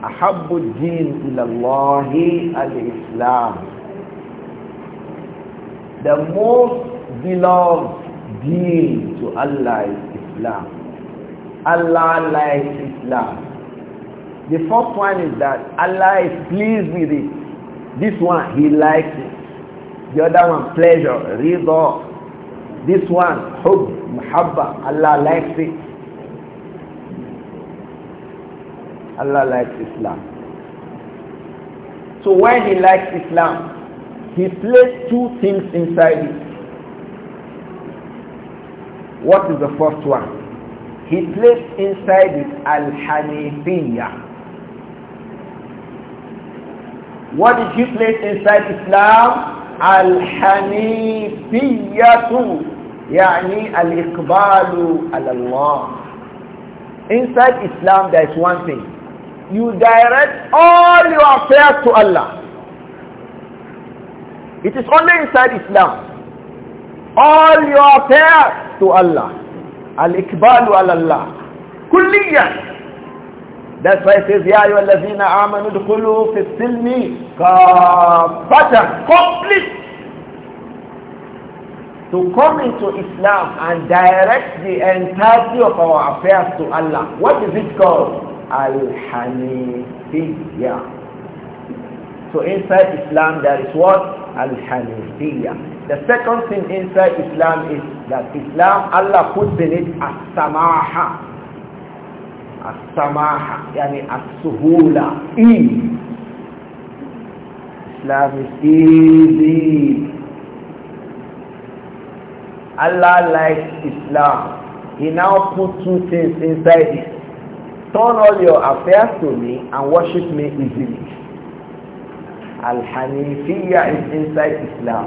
ahabbu din Allah al-islam the most beloved deen to Allah is Islam Allah likes Islam the fourth one is that Allah is pleased with it this one he likes it the other one pleasure rida this one, hub, muhabba, Allah likes it. Allah likes Islam. So when he likes Islam, he placed two things inside it. What is the first one? He placed inside it Al-Hanifiyya. What did he place inside Islam? al too. يعني الإقبال على الله inside Islam there is one thing you direct all your affairs to Allah it is only inside Islam all your affairs to Allah الإقبال على الله كليا That's why it says, يَا أَيُّهَا amanu آمَنُوا ادْخُلُوا فِي السِّلْمِ كَافَّةً Complete to come into Islam and direct the entirety of our affairs to Allah. What is it called? Al-Hanifiyya. So inside Islam there is what? Al-Hanifiyya. The second thing inside Islam is that Islam, Allah puts in it as-samaha. As-samaha, yani as-suhula, ease. Islam is easy. Allah likes Islam. He now put two things inside it. Turn all your affairs to me and worship me easily. Al-Hanifiyya is inside Islam.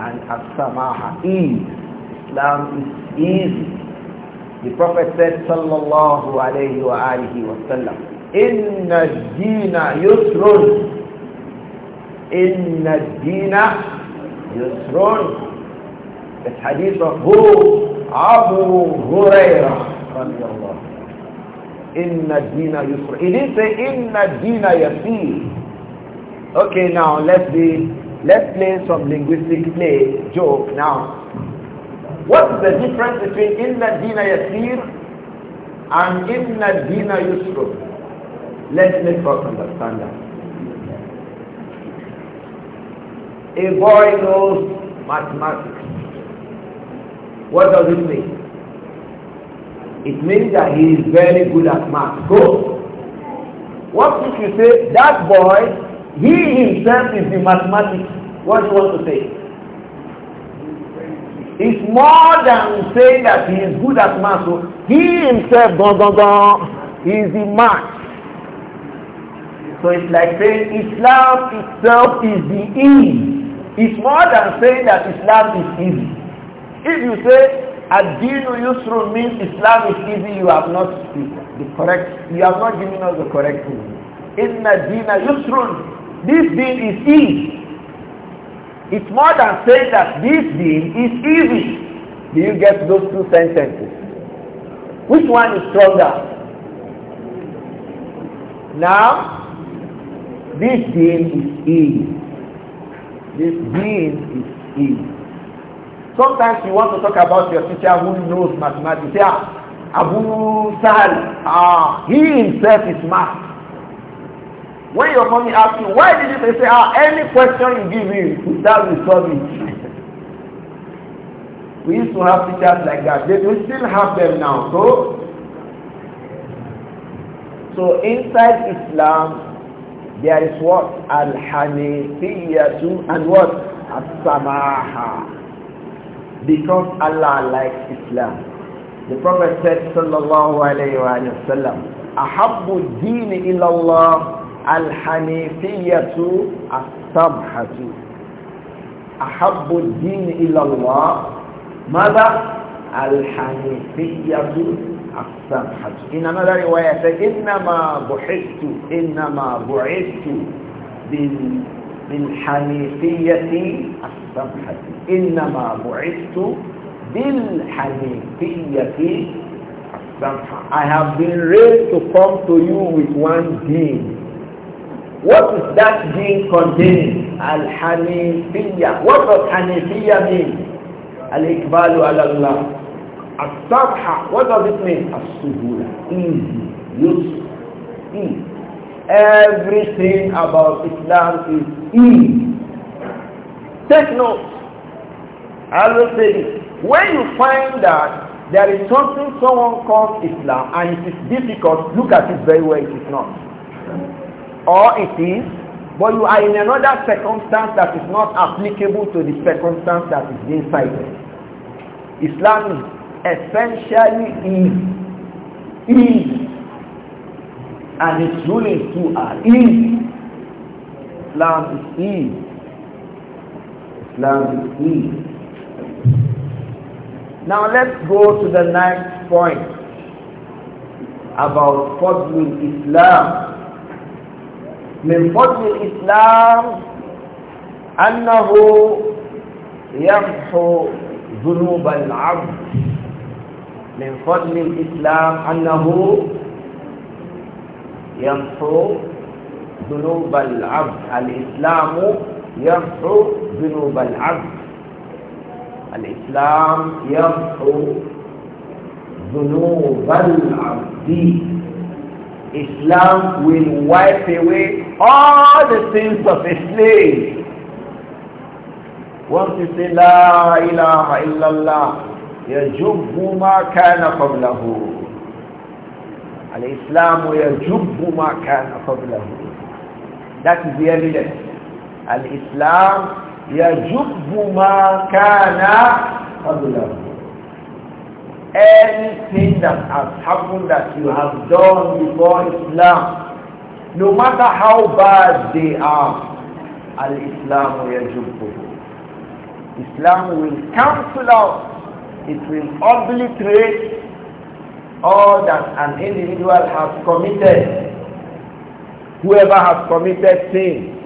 And As-Samaha is. Islam is easy. The Prophet said, Sallallahu alayhi wa alihi wa sallam, Inna jina yusrun. Inna jina yusrun. The hadith of who? Abu Hurairah radiallahu Inna Dina Yusra. He didn't say Inna Dina Yasir. Okay, now let's be let's play some linguistic play joke now. What's the difference between Inna Dina Yasir and Inna Dina Yusra? Let's make us understand that. A boy knows mathematics. What does it mean? It means that he is very good at math. Go. what did you say that boy, he himself is the mathematics? What do you want to say? It's more than saying that he is good at math. So he himself, dun, dun, dun, he is the math. So it's like saying Islam itself is the ease. It's more than saying that Islam is easy. If you say Adinu Yusrun means Islam is easy, you have not the correct you have not given us the correct meaning. Inna Dina Yusrun, this deen is easy. It's more than saying that this deen is easy. Do you get those two sentences? Which one is stronger? Now, this deen is easy. This deen is easy. Sometimes you want to talk about your teacher who knows mathematics. Yeah, Abu Sal, ah, he himself is math. When your mommy asks you, why did you say, ah, any question you give me, that will solve it. [laughs] we used to have teachers like that. They, we still have them now. So, so inside Islam, there is what? Al-Hanifiyyatu and what? As-Samaha because Allah likes Islam. The Prophet said, sallallahu alayhi wa sallam, أَحَبُّ الدِّينِ إِلَى اللَّهِ الْحَنِيفِيَّةُ الصَّبْحَةُ أَحَبُّ الدِّينِ إِلَى اللَّهِ ماذا؟ الْحَنِيفِيَّةُ الصَّبْحَةُ In another riwayah, إِنَّمَا بُحِثْتُ إِنَّمَا بُعِثْتُ بالحنيفية السمحة إنما بعثت بالحنيفية السمحة I have been raised to come to you with one deen What is that deen containing? Al-Hanifiyya What does Hanifiyya mean? Al-Ikbalu ala Allah As-Sabha What does it mean? As-Suhula Easy Useful Easy Everything about Islam is ease. Take note. I will say this. When you find that there is something someone calls Islam and it is difficult, look at it very well, it is not. Or it is, but you are in another circumstance that is not applicable to the circumstance that is being cited. Islam is essentially is, And its rulings too are easy. Islam is ease. Islam is ease. Now let's go to the next point about Fadlul Islam. من فضل الإسلام أنه يمحو ذنوب العبد من فضل الإسلام أنه يمحو ذنوب العبد الإسلام يرفع ذنوب العبد الإسلام يرفع ذنوب العبد Islam will wipe away all the sins of a slave. Once you say La ilaha illallah, يجب ما كان قبله الإسلام يجب ما كان قبله That is the evidence. Al-Islam yajubu ma kana. قَبْلَهُ Anything that has happened that you have done before Islam, no matter how bad they are, Al-Islam yajubu. Islam will cancel out, it will obliterate all that an individual has committed whoever has committed sin.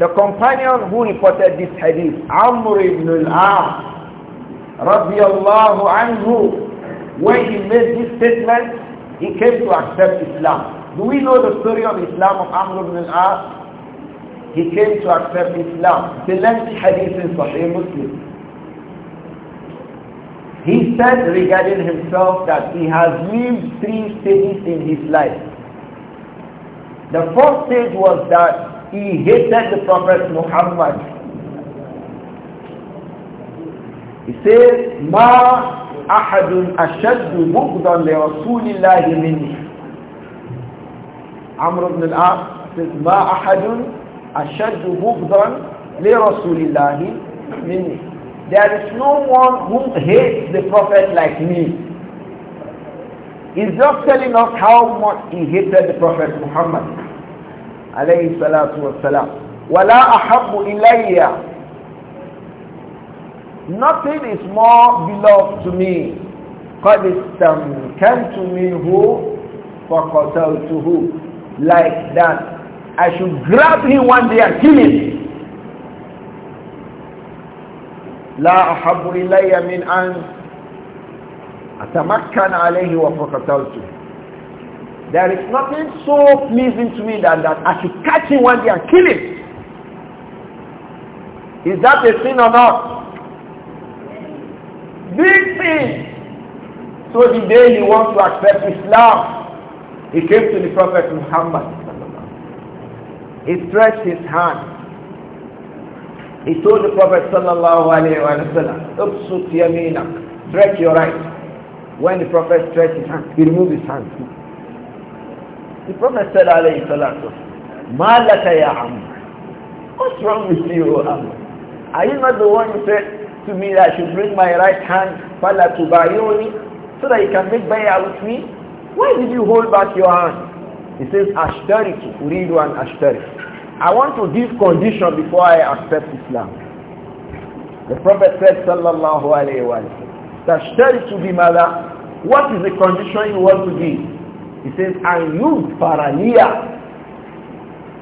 The companion who reported this hadith, Amr ibn al-As, radiallahu anhu, when he made this statement, he came to accept Islam. Do we know the story of Islam of Amr ibn al-As? He came to accept Islam. The lengthy hadith in Sahih Muslim. He said regarding himself that he has lived three stages in his life. The first stage was that he hated the Prophet Muhammad. He says, ما أحد أشد بغضا لرسول الله مني. عمرو بن العاص says, "Ma أحد ashadu بغضا li Rasulillahi minni." There is no one who hates the Prophet like me. He's just telling us how much he hated the Prophet Muhammad. عليه الصلاة والسلام ولا أحب إلي Nothing is more beloved to me قد استمكنت منه فقتلته like that I should grab him one day and kill him لا أحب إلي من أن أتمكن عليه وفقتلته There is nothing so pleasing to me than that I should catch him one day and kill him. Is that a sin or not? Big sin. So the day he wants to accept Islam, he came to the Prophet Muhammad. He stretched his hand. He told the Prophet sallallahu Alaihi Wasallam, sallam, Upsut stretch your right. When the Prophet stretched his hand, he removed his hand. The Prophet said, alayhi salatu, Malaka ya What's wrong with you, O Are you not the one who said to me that I should bring my right hand, Fala to Bayuni, so that you can make bayah with me? Why did you hold back your hand? He says, Ashtariku, Uridu and Ashtariku. I want to give condition before I accept Islam. The Prophet said, Sallallahu Alaihi to be mother. what is the condition you want to give? He says, and you, parania.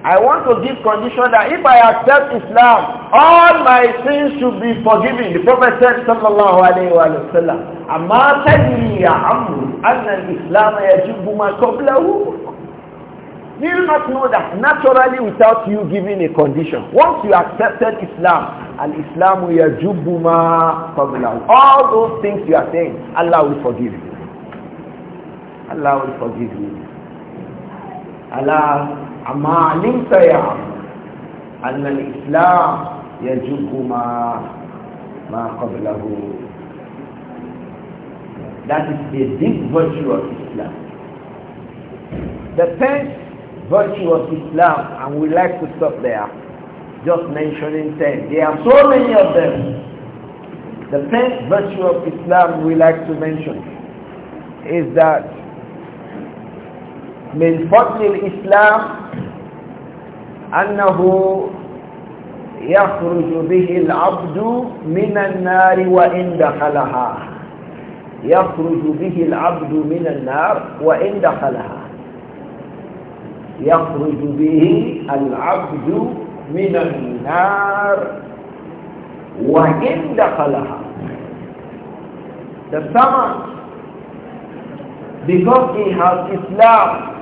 I want to give condition that if I accept Islam, all my sins should be forgiven. The Prophet said, sallallahu alayhi wa sallam, أَمَا تَدْرِي يَا عَمْرُ أَنَّ الْإِسْلَامَ يَجِبُّ مَا قَبْلَهُ do you not know that naturally without you giving a condition, once you accepted Islam, Islam islamu yajubu ma All those things you are saying, Allah will forgive you. Allah will forgive you. Allah, amma alimta ya al Islam يجب ما ما قبله. That is the big virtue of Islam. The tenth virtue of Islam, and we like to stop there, just mentioning ten. There are so many of them. The tenth virtue of Islam we like to mention is that من فضل الإسلام أنه يخرج به العبد من النار وإن دخلها يخرج به العبد من النار وإن دخلها يخرج به العبد من النار وإن دخلها The summer because he has Islam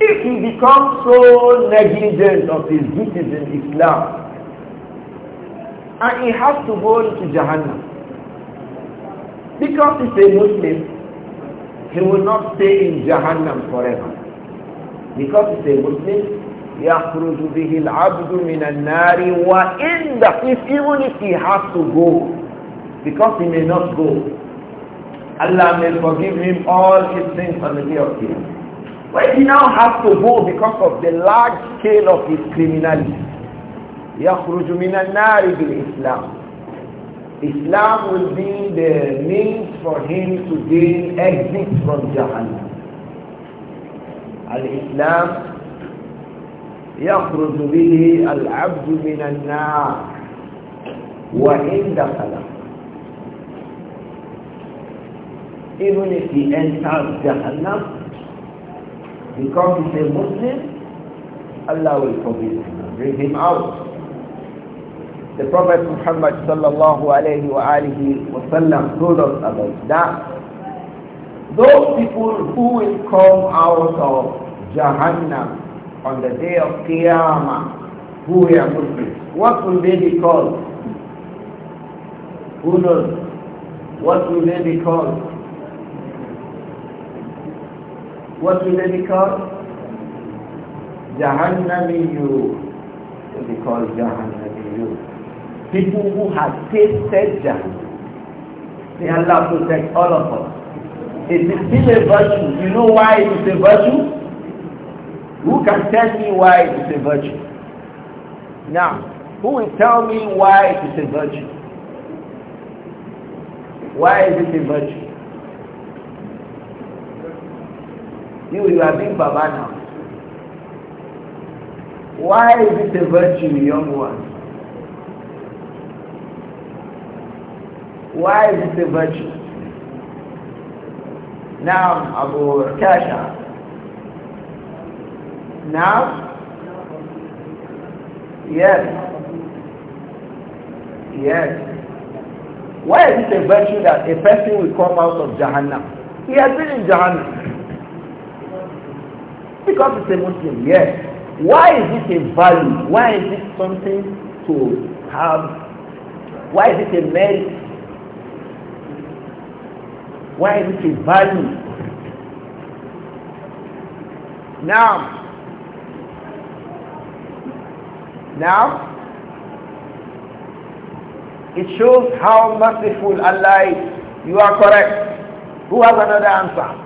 If he becomes so negligent of his duties in Islam, and he has to go into Jahannam, because he's a Muslim, he will not stay in Jahannam forever. Because he's a Muslim, يخرج به العبد من النار وإن if even if he has to go because he may not go Allah may forgive him all his sins on the day of Judgment. Where he now has to go because of the large scale of his criminality. يخرج من النار بالإسلام Islam will be the means for him to gain exit from Jahannam. Al-Islam يخرج به العبد من النار وإن دخل Even if he enters Jahannam, becomes a Muslim, Allah will forgive him, bring him out. The Prophet Muhammad sallallahu alayhi wa alihi wa sallam told us about that. Those people who will come out of Jahannam on the day of Qiyamah, who are Muslims, what will they be called? Who knows? What will they be called? What will they be called? Jahannamiyu. They'll be called Jahannamiyu. People who have tasted Jahannam. May Allah protect all of us. It is still a virtue. You know why it is a virtue? Who can tell me why it is a virtue? Now, who will tell me why it is a virtue? Why is it a virtue? you, you are being Baba now. Why is it a virtue, young one? Why is it a virtue? Now, Abu Kasha. Now, yes, yes. Why is it a virtue that a person will come out of Jahannam? He has been in Jahannam. Because it's a Muslim, yes. Why is it a value? Why is it something to have? Why is it a merit? Why is it a value? Now, now, it shows how merciful Allah is. You are correct. Who has another answer?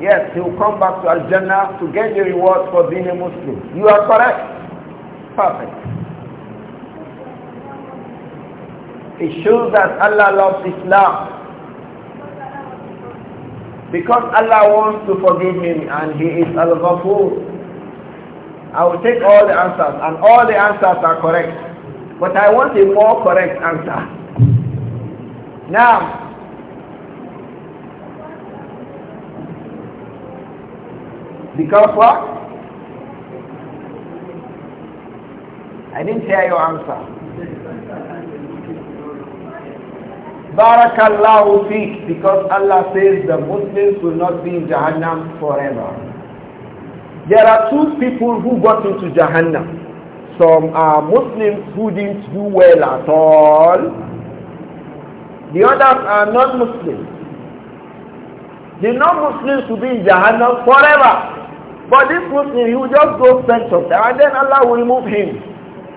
Yes, he will come back to Al-Jannah to get the reward for being a Muslim. You are correct. Perfect. It shows that Allah loves Islam. Because Allah wants to forgive him and he is al Gafur. I will take all the answers and all the answers are correct. But I want a more correct answer. Now, Because what? I didn't hear your answer. Barakallahu fiqh because Allah says the Muslims will not be in Jahannam forever. There are two people who got into Jahannam. Some are Muslims who didn't do well at all. The others are non-Muslims. The non-Muslims will be in Jahannam forever. But this Muslim, he will just go spend some time and then Allah will remove him.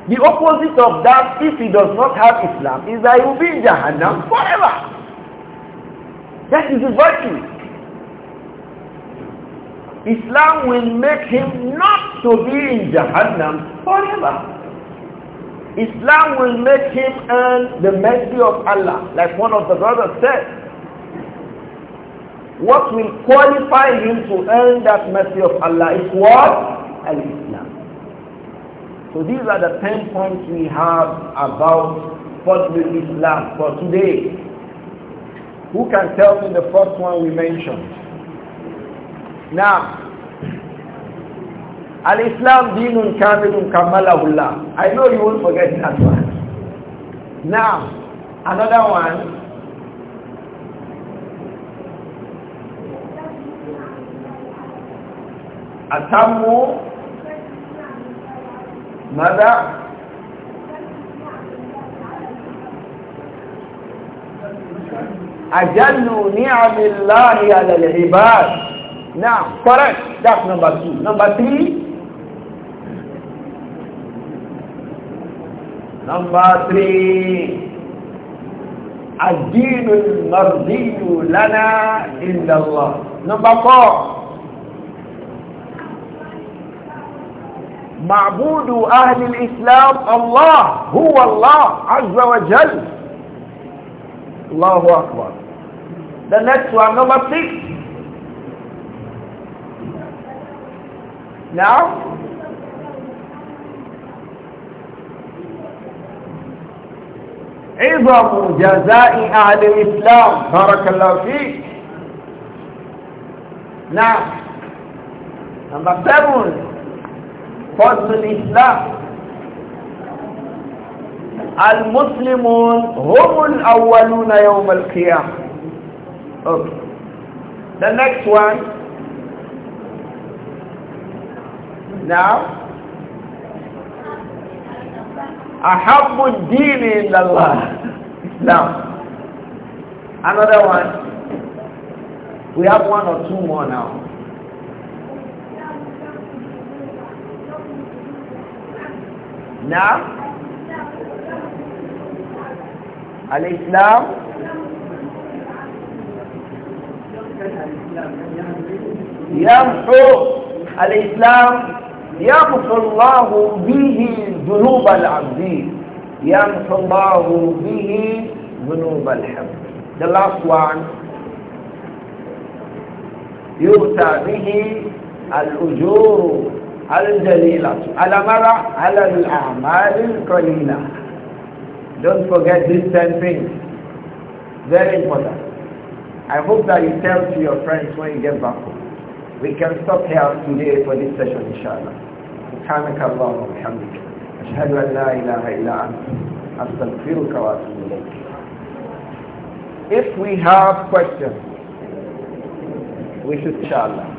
The opposite of that, if he does not have Islam, is that he will be in Jahannam forever. That is the virtue. Islam will make him not to be in Jahannam forever. Islam will make him earn the mercy of Allah, like one of the brothers said. What will qualify him to earn that mercy of Allah is what? Al-Islam. So these are the 10 points we have about Fadlul Islam for today. Who can tell me the first one we mentioned? Now, Al-Islam dinun kamilun kamalahullah. I know you won't forget that one. Now, another one أتموا ماذا أجل نعم الله على العباد نعم فرق ده نمبر 2 نمبر 3 نمبر 3 الدين المرضي لنا عند الله نمبر 4 معبود أهل الإسلام الله هو الله عز وجل الله أكبر The next one, number six. Now, عظم جزاء أهل الإسلام بارك الله فيك. Now, number seven. فضل الإسلام المسلمون هم الأولون يوم القيامة okay. the next one now أحب الدين إلى الله now another one we have one or two more now نعم الإسلام يمحو الإسلام يمحو الله به ذنوب العبد يمحو الله به ذنوب الحب The last one يؤتى به الأجور Al-Jalilatu. Al-Amara al-Amalil Qalila. Don't forget these ten things. Very important. I hope that you tell to your friends when you get back home. We can stop here today for this session, inshallah. سبحانك اللهم وبحمدك أشهد أن لا إله إلا أنت أستغفرك وأتوب إليك. If we have questions, we should inshallah.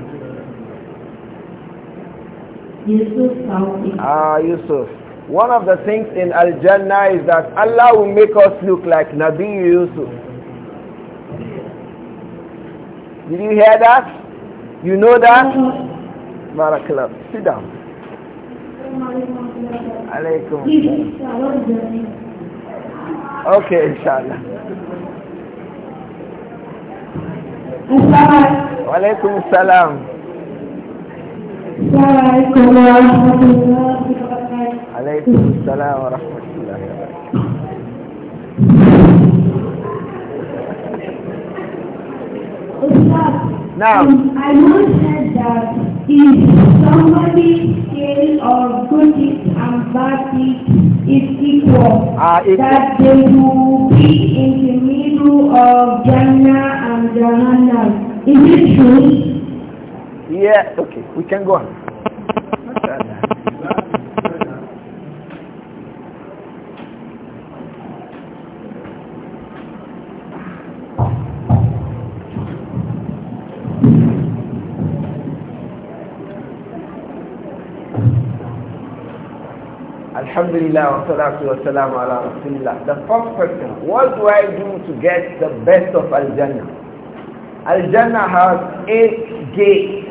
Ah, Yusuf. One of the things in Al-Jannah is that Allah will make us look like Nabi Yusuf. Did you hear that? You know that? Uh-huh. Barakallah. Sit down. Alaykum. Okay, inshallah. Wa alaykum salam. Assalamualaikum warahmatullahi wabarakatuh. Waalaikumsalam Now, I that if somebody scale good deeds and bad it is is equal, uh, that they will be in the middle of Jannah and Jahannam. Is it true? Yeah, okay, we can go on. Alhamdulillah The first question, what do I do to get the best of Al-Jannah? Al-Jannah has eight gates.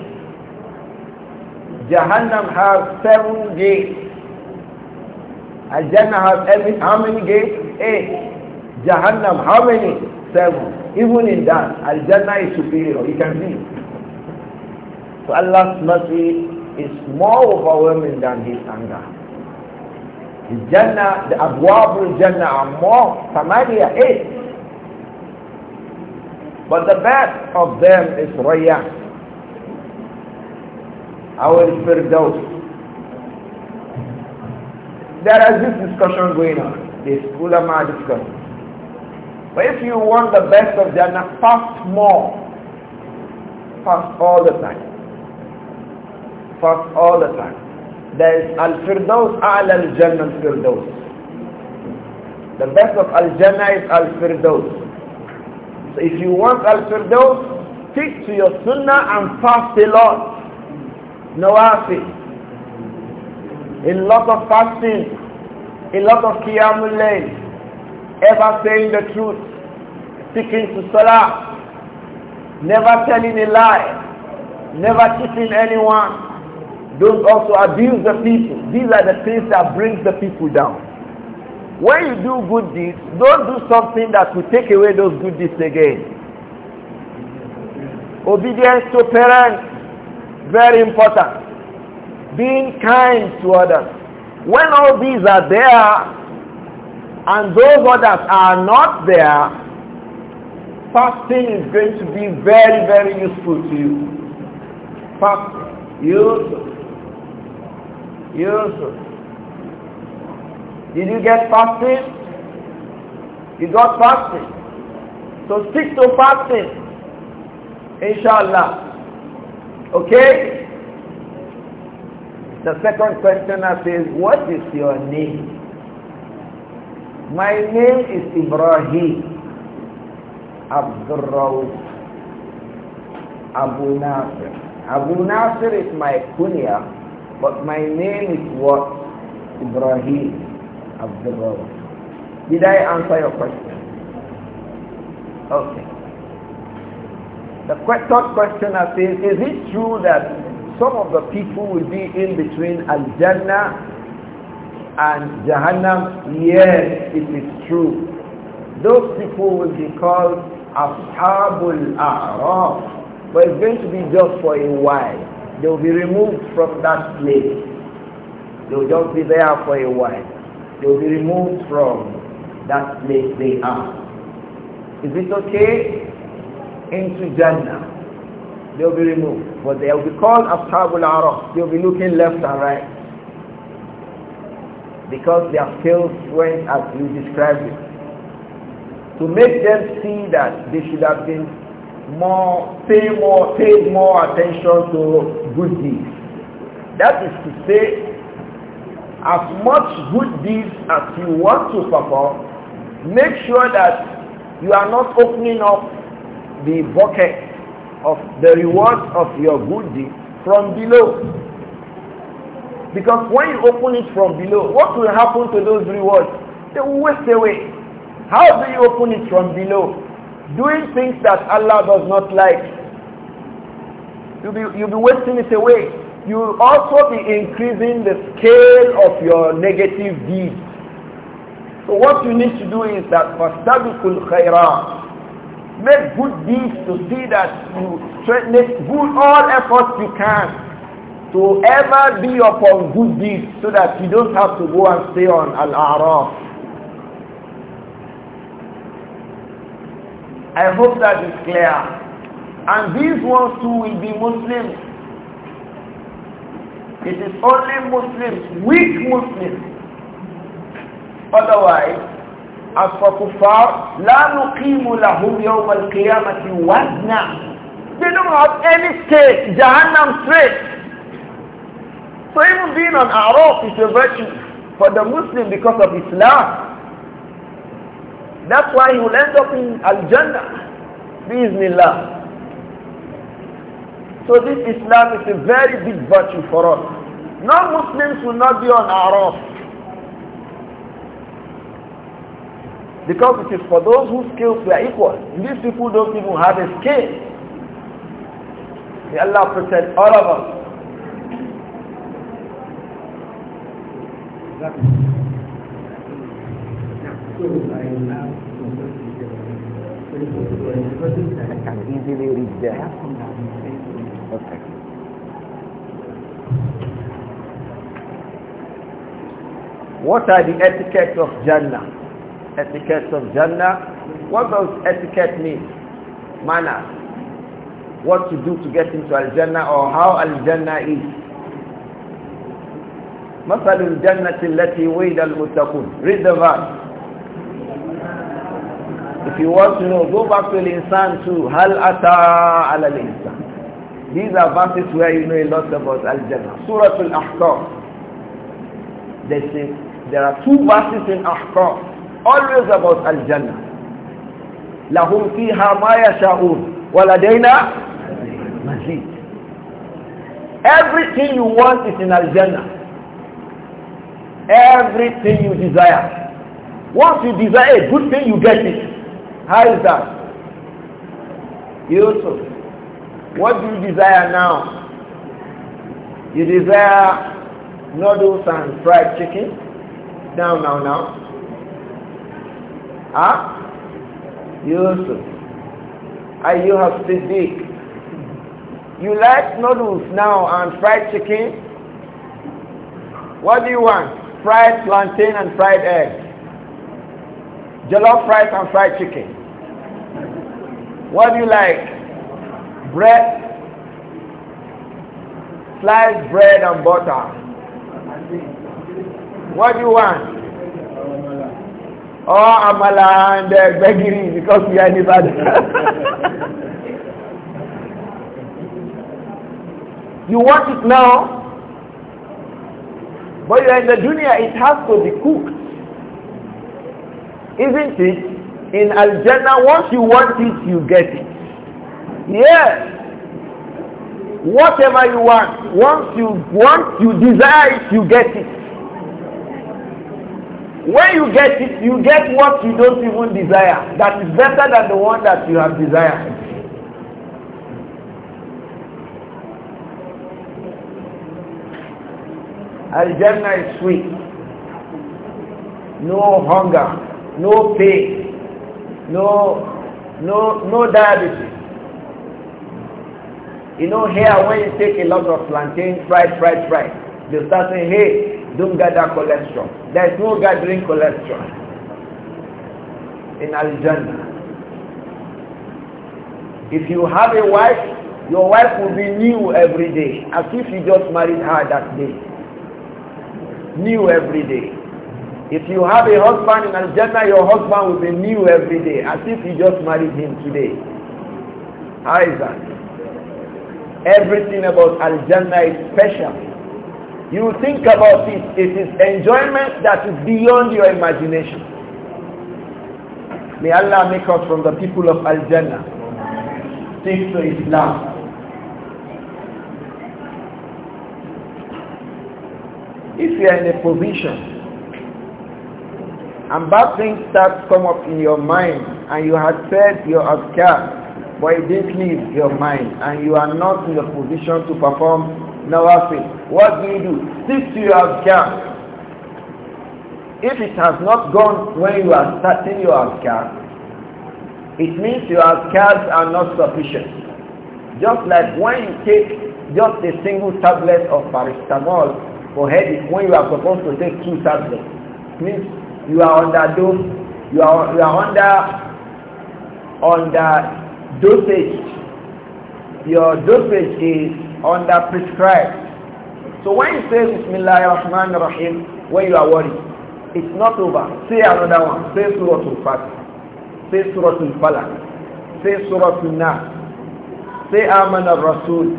Jahannam has seven gates. Al-Jannah has every, how many gates? Eight. Jahannam, how many? Seven. Even in that, Al-Jannah is superior. You can see. So Allah's mercy is more overwhelming than His anger. The Jannah, the Abwab Jannah are more, Samaria, eight. But the best of them is Rayyan. أو There there is this discussion going on, this ulama discussion. But if you want the best of Jannah, fast more. Fast all the time. Fast all the time. There is Al-Firdaus, Al-Jannah Al-Firdaus. The best of Al-Jannah is Al-Firdaus. So if you want Al-Firdaus, stick to your Sunnah and fast a lot nawafil, a lot of fasting, a lot of qiyamul ever saying the truth, speaking to salah, never telling a lie, never cheating anyone. Don't also abuse the people. These are the things that brings the people down. When you do good deeds, don't do something that will take away those good deeds again. Obedience to parents, very important. Being kind to others. When all these are there, and those others are not there, fasting is going to be very, very useful to you. Fasting. Useful. Useful. Did you get fasting? You got fasting. So stick to fasting. Inshallah. Okay? The second questioner says, what is your name? My name is Ibrahim Abdurrauf Abu Nasir. Abu Nasir is my kunya, but my name is what? Ibrahim Abdurrauf. Did I answer your question? Okay. The third questioner says, is it true that some of the people will be in between Al-Jannah and Jahannam? Yes, it is true. Those people will be called Ashabul A'raf. But it's going to be just for a while. They will be removed from that place. They will just be there for a while. They will be removed from that place they are. Is it okay? into Jannah. They'll be removed. But they'll be called Ashabul Araf. They'll be looking left and right. Because their skills went as you described it. To make them see that they should have been more, pay more, paid more attention to good deeds. That is to say, as much good deeds as you want to perform, make sure that you are not opening up the bucket of the rewards of your good deed from below. Because when you open it from below, what will happen to those rewards? They will waste away. How do you open it from below? Doing things that Allah does not like. You'll be, you'll be wasting it away. You will also be increasing the scale of your negative deeds. So what you need to do is that فَاسْتَبِقُوا الْخَيْرَاتِ Make good deeds to see that you make good all efforts you can to ever be upon good deeds so that you don't have to go and stay on Al-A'raf. I hope that is clear. And these ones too will be Muslims. It is only Muslims, weak Muslims. Otherwise, as for kuffar, لا نقيم لهم يوم القيامة They don't have any stake, Jahannam straight. So even being an Arab is a virtue for the Muslim because of Islam. That's why he will end up in Al-Jannah. Bismillah. So this Islam is a very big virtue for us. Non-Muslims will not be on araf. Because it is for those whose skills were equal. These people don't even have a skill. May Allah protect all of us. I can easily there. Okay. What are the etiquettes of Jannah? etiquettes of Jannah. What does etiquette mean? Manner. What to do to get into Al-Jannah or how Al-Jannah is. مثل الجنة التي وعد المتقون read the verse if you want to know go back to al-insan too هل أتى على الإنسان these are verses where you know a lot about al-jannah surah al-ahqaf they say there are two verses in ahqaf always about al-jannah lahum fiha ma yasha'un wa ladaina mazid everything you want is in al-jannah everything you desire once you desire a good thing you get it how is that Yusuf what do you desire now you desire noodles and fried chicken now now now Ah? Huh? Yusuf. Ayyuha Siddiq. You like noodles now and fried chicken? What do you want? Fried plantain and fried egg. Jollof rice and fried chicken. What do you like? Bread. Sliced bread and butter. What do you want? oh, amala and uh, begiri because we are in Ibadan. [laughs] you want it now, but you are in the dunya, it has to be cooked. Isn't it? In al once you want it, you get it. Yes. Whatever you want, once you want, you desire it, you get it. When you get it, you get what you don't even desire. That is better than the one that you have desired. Al-Jannah is sweet. No hunger, no pain, no, no, no diabetes. You know here when you take a lot of plantain, fried, fried, fried, they start saying, hey, don't gather cholesterol. There is no gathering cholesterol in Al-Jannah. If you have a wife, your wife will be new every day, as if you just married her that day. New every day. If you have a husband in Al-Jannah, your husband will be new every day, as if you just married him today. How is that? Everything about Al-Jannah is special. You think about it, it is enjoyment that is beyond your imagination. May Allah make us from the people of Al-Jannah. to Islam. If you are in a position and bad things start to come up in your mind and you had said your adhkar but it didn't leave your mind and you are not in a position to perform Nawafi. What do you do? Since you your Azkar. If it has not gone when you are starting your Azkar, it means your Azkars are not sufficient. Just like when you take just a single tablet of paracetamol for headache when you are supposed to take two tablets, means you are under dose, you are, you are under, under dosage your dosage is on that prescribed. So when you say Bismillah ar-Rahman rahim when you are worried, it's not over. Say another one. Say Surah Al-Fatih. Say Surah Al-Falaq. Say Surah Al-Nas. Say Aman al-Rasul.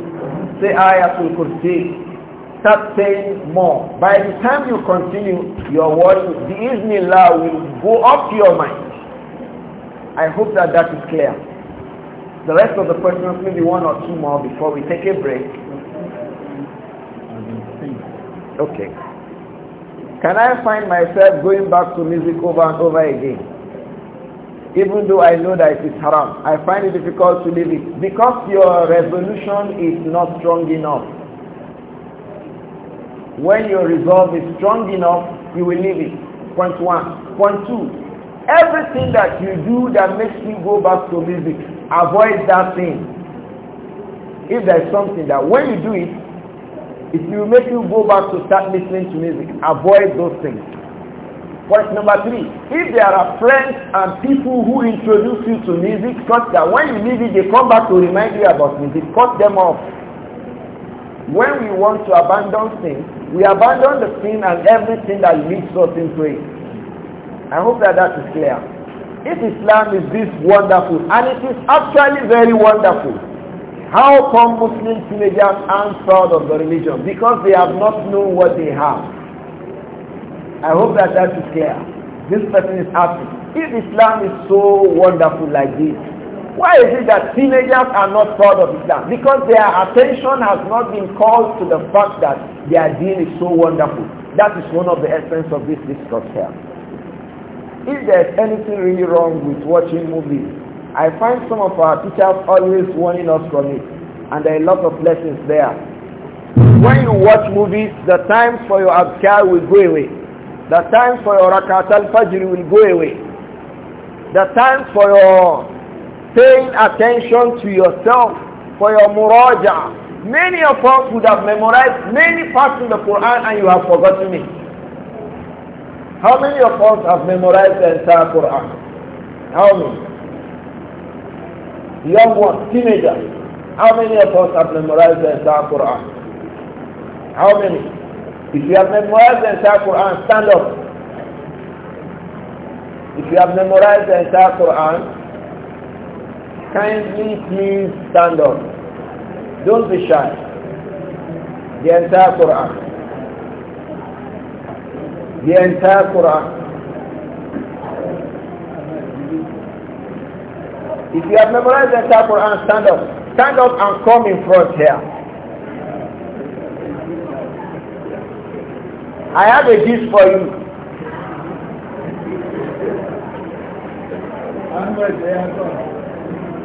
Say Ayatul Kursi. Start saying more. By the time you continue your worry, the Iznillah will go up to your mind. I hope that that is clear. The rest of the questions, maybe one or two more before we take a break. Okay. Can I find myself going back to music over and over again? Even though I know that it is haram, I find it difficult to leave it because your resolution is not strong enough. When your resolve is strong enough, you will leave it. Point one. Point two. Everything that you do that makes you go back to music avoid that thing. If there is something that when you do it, it will make you go back to start listening to music. Avoid those things. Point number three, if there are friends and people who introduce you to music such that when you leave it, they come back to remind you about music, cut them off. When we want to abandon things, we abandon the sin and everything that leads us into it. I hope that that is clear. If Islam is this wonderful, and it is actually very wonderful, how come Muslim teenagers aren't proud of the religion? Because they have not known what they have. I hope that that is clear. This person is happy. If Islam is so wonderful like this, why is it that teenagers are not proud of Islam? Because their attention has not been called to the fact that their deen is so wonderful. That is one of the essence of this discourse here. If there's anything really wrong with watching movies, I find some of our teachers always warning us from it. And there are a lot of lessons there. When you watch movies, the times for your adhkar will go away. The times for your rakat al-fajr will go away. The times for your paying attention to yourself, for your muraja. Many of us would have memorized many parts in the Quran and you have forgotten it. How many of us have memorized the entire Quran? How many? Young ones, teenagers. How many of us have memorized the entire Quran? How many? If you have memorized the entire Quran, stand up. If you have memorized the entire Quran, kindly please stand up. Don't be shy. The entire Quran. The entire Quran. If you have memorized the entire Quran, stand up. Stand up and come in front here. I have a gift for you.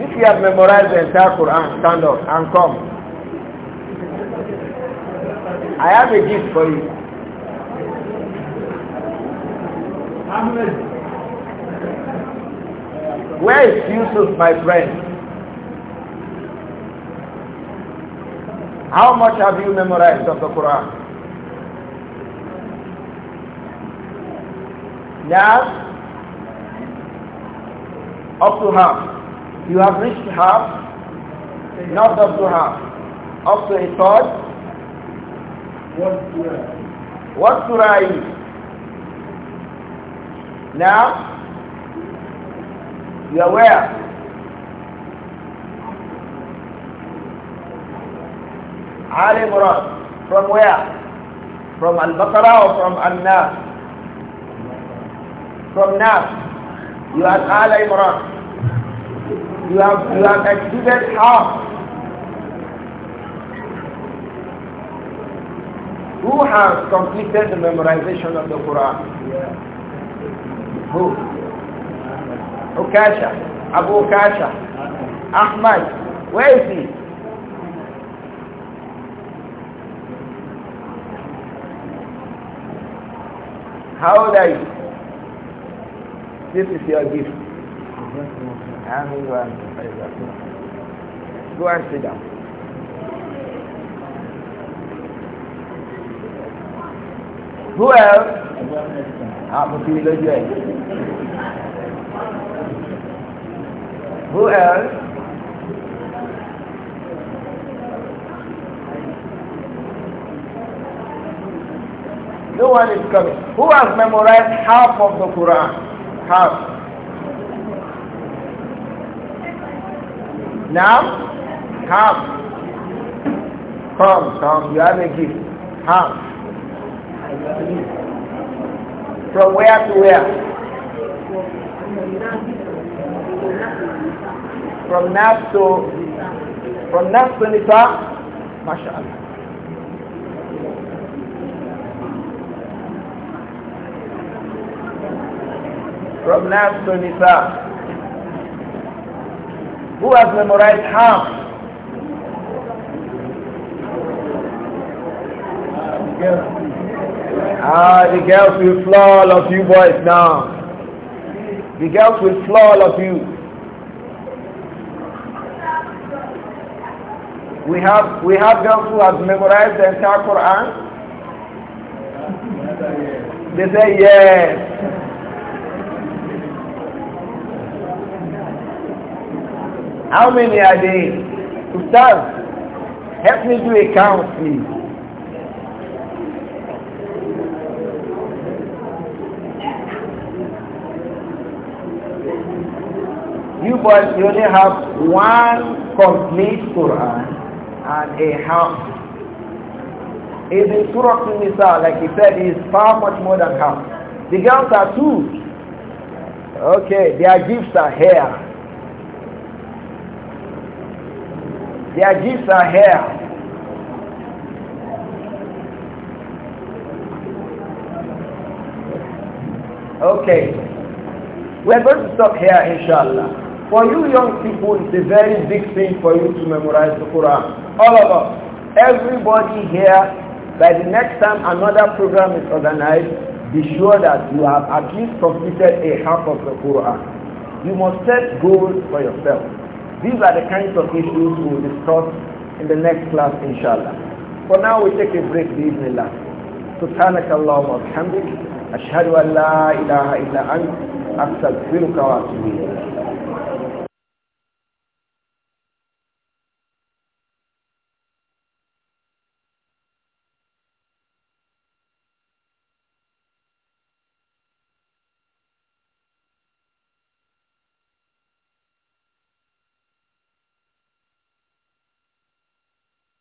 If you have memorized the entire Quran, stand up and come. I have a gift for you. Where is Yusuf, my friend? How much have you memorized of the Quran? Now, up to half. You have reached half, not up to half. Up to a third. What surah? What surah is? Now, you are aware. Ali from where? From al baqara or from Al-Nas? From Nas. You are Ali You have, you have exceeded half. Who has completed the memorization of the Quran? Yeah. Who? Ukasha. Abu Ukasha. Ahmad. Where is he? How old are you? This is your gift. Go and sit down. Who else? who else? No one is coming. Who has memorized half of the Quran? Half. Now, half. Come, come, you have a gift. Half. From where to where? From Naf to from Naf to Nisa, mashallah. From Naf to Nisa. Who has memorized half? Yeah. Ah, the girls will floor all of you boys now. The girls will floor all of you. We have we have girls who have memorized the entire Quran. They say yes. How many are they? Ustaz, help me do a count, please. you boys, you only have one complete Quran and a half. Even Surah Nisa, like he said, is far much more than half. The girls are two. Okay, their gifts are here. Their gifts are here. Okay. We're going to stop here, inshallah. For you young people, it's a very big thing for you to memorize the Quran. All of us. Everybody here, by the next time another program is organized, be sure that you have at least completed a half of the Quran. You must set goals for yourself. These are the kinds of issues we will discuss in the next class, inshallah. For now, we take a break, bismillah. سبحانك اللهم وبحمدك أشهد أن لا إله إلا أنت أستغفرك وأتوب إليك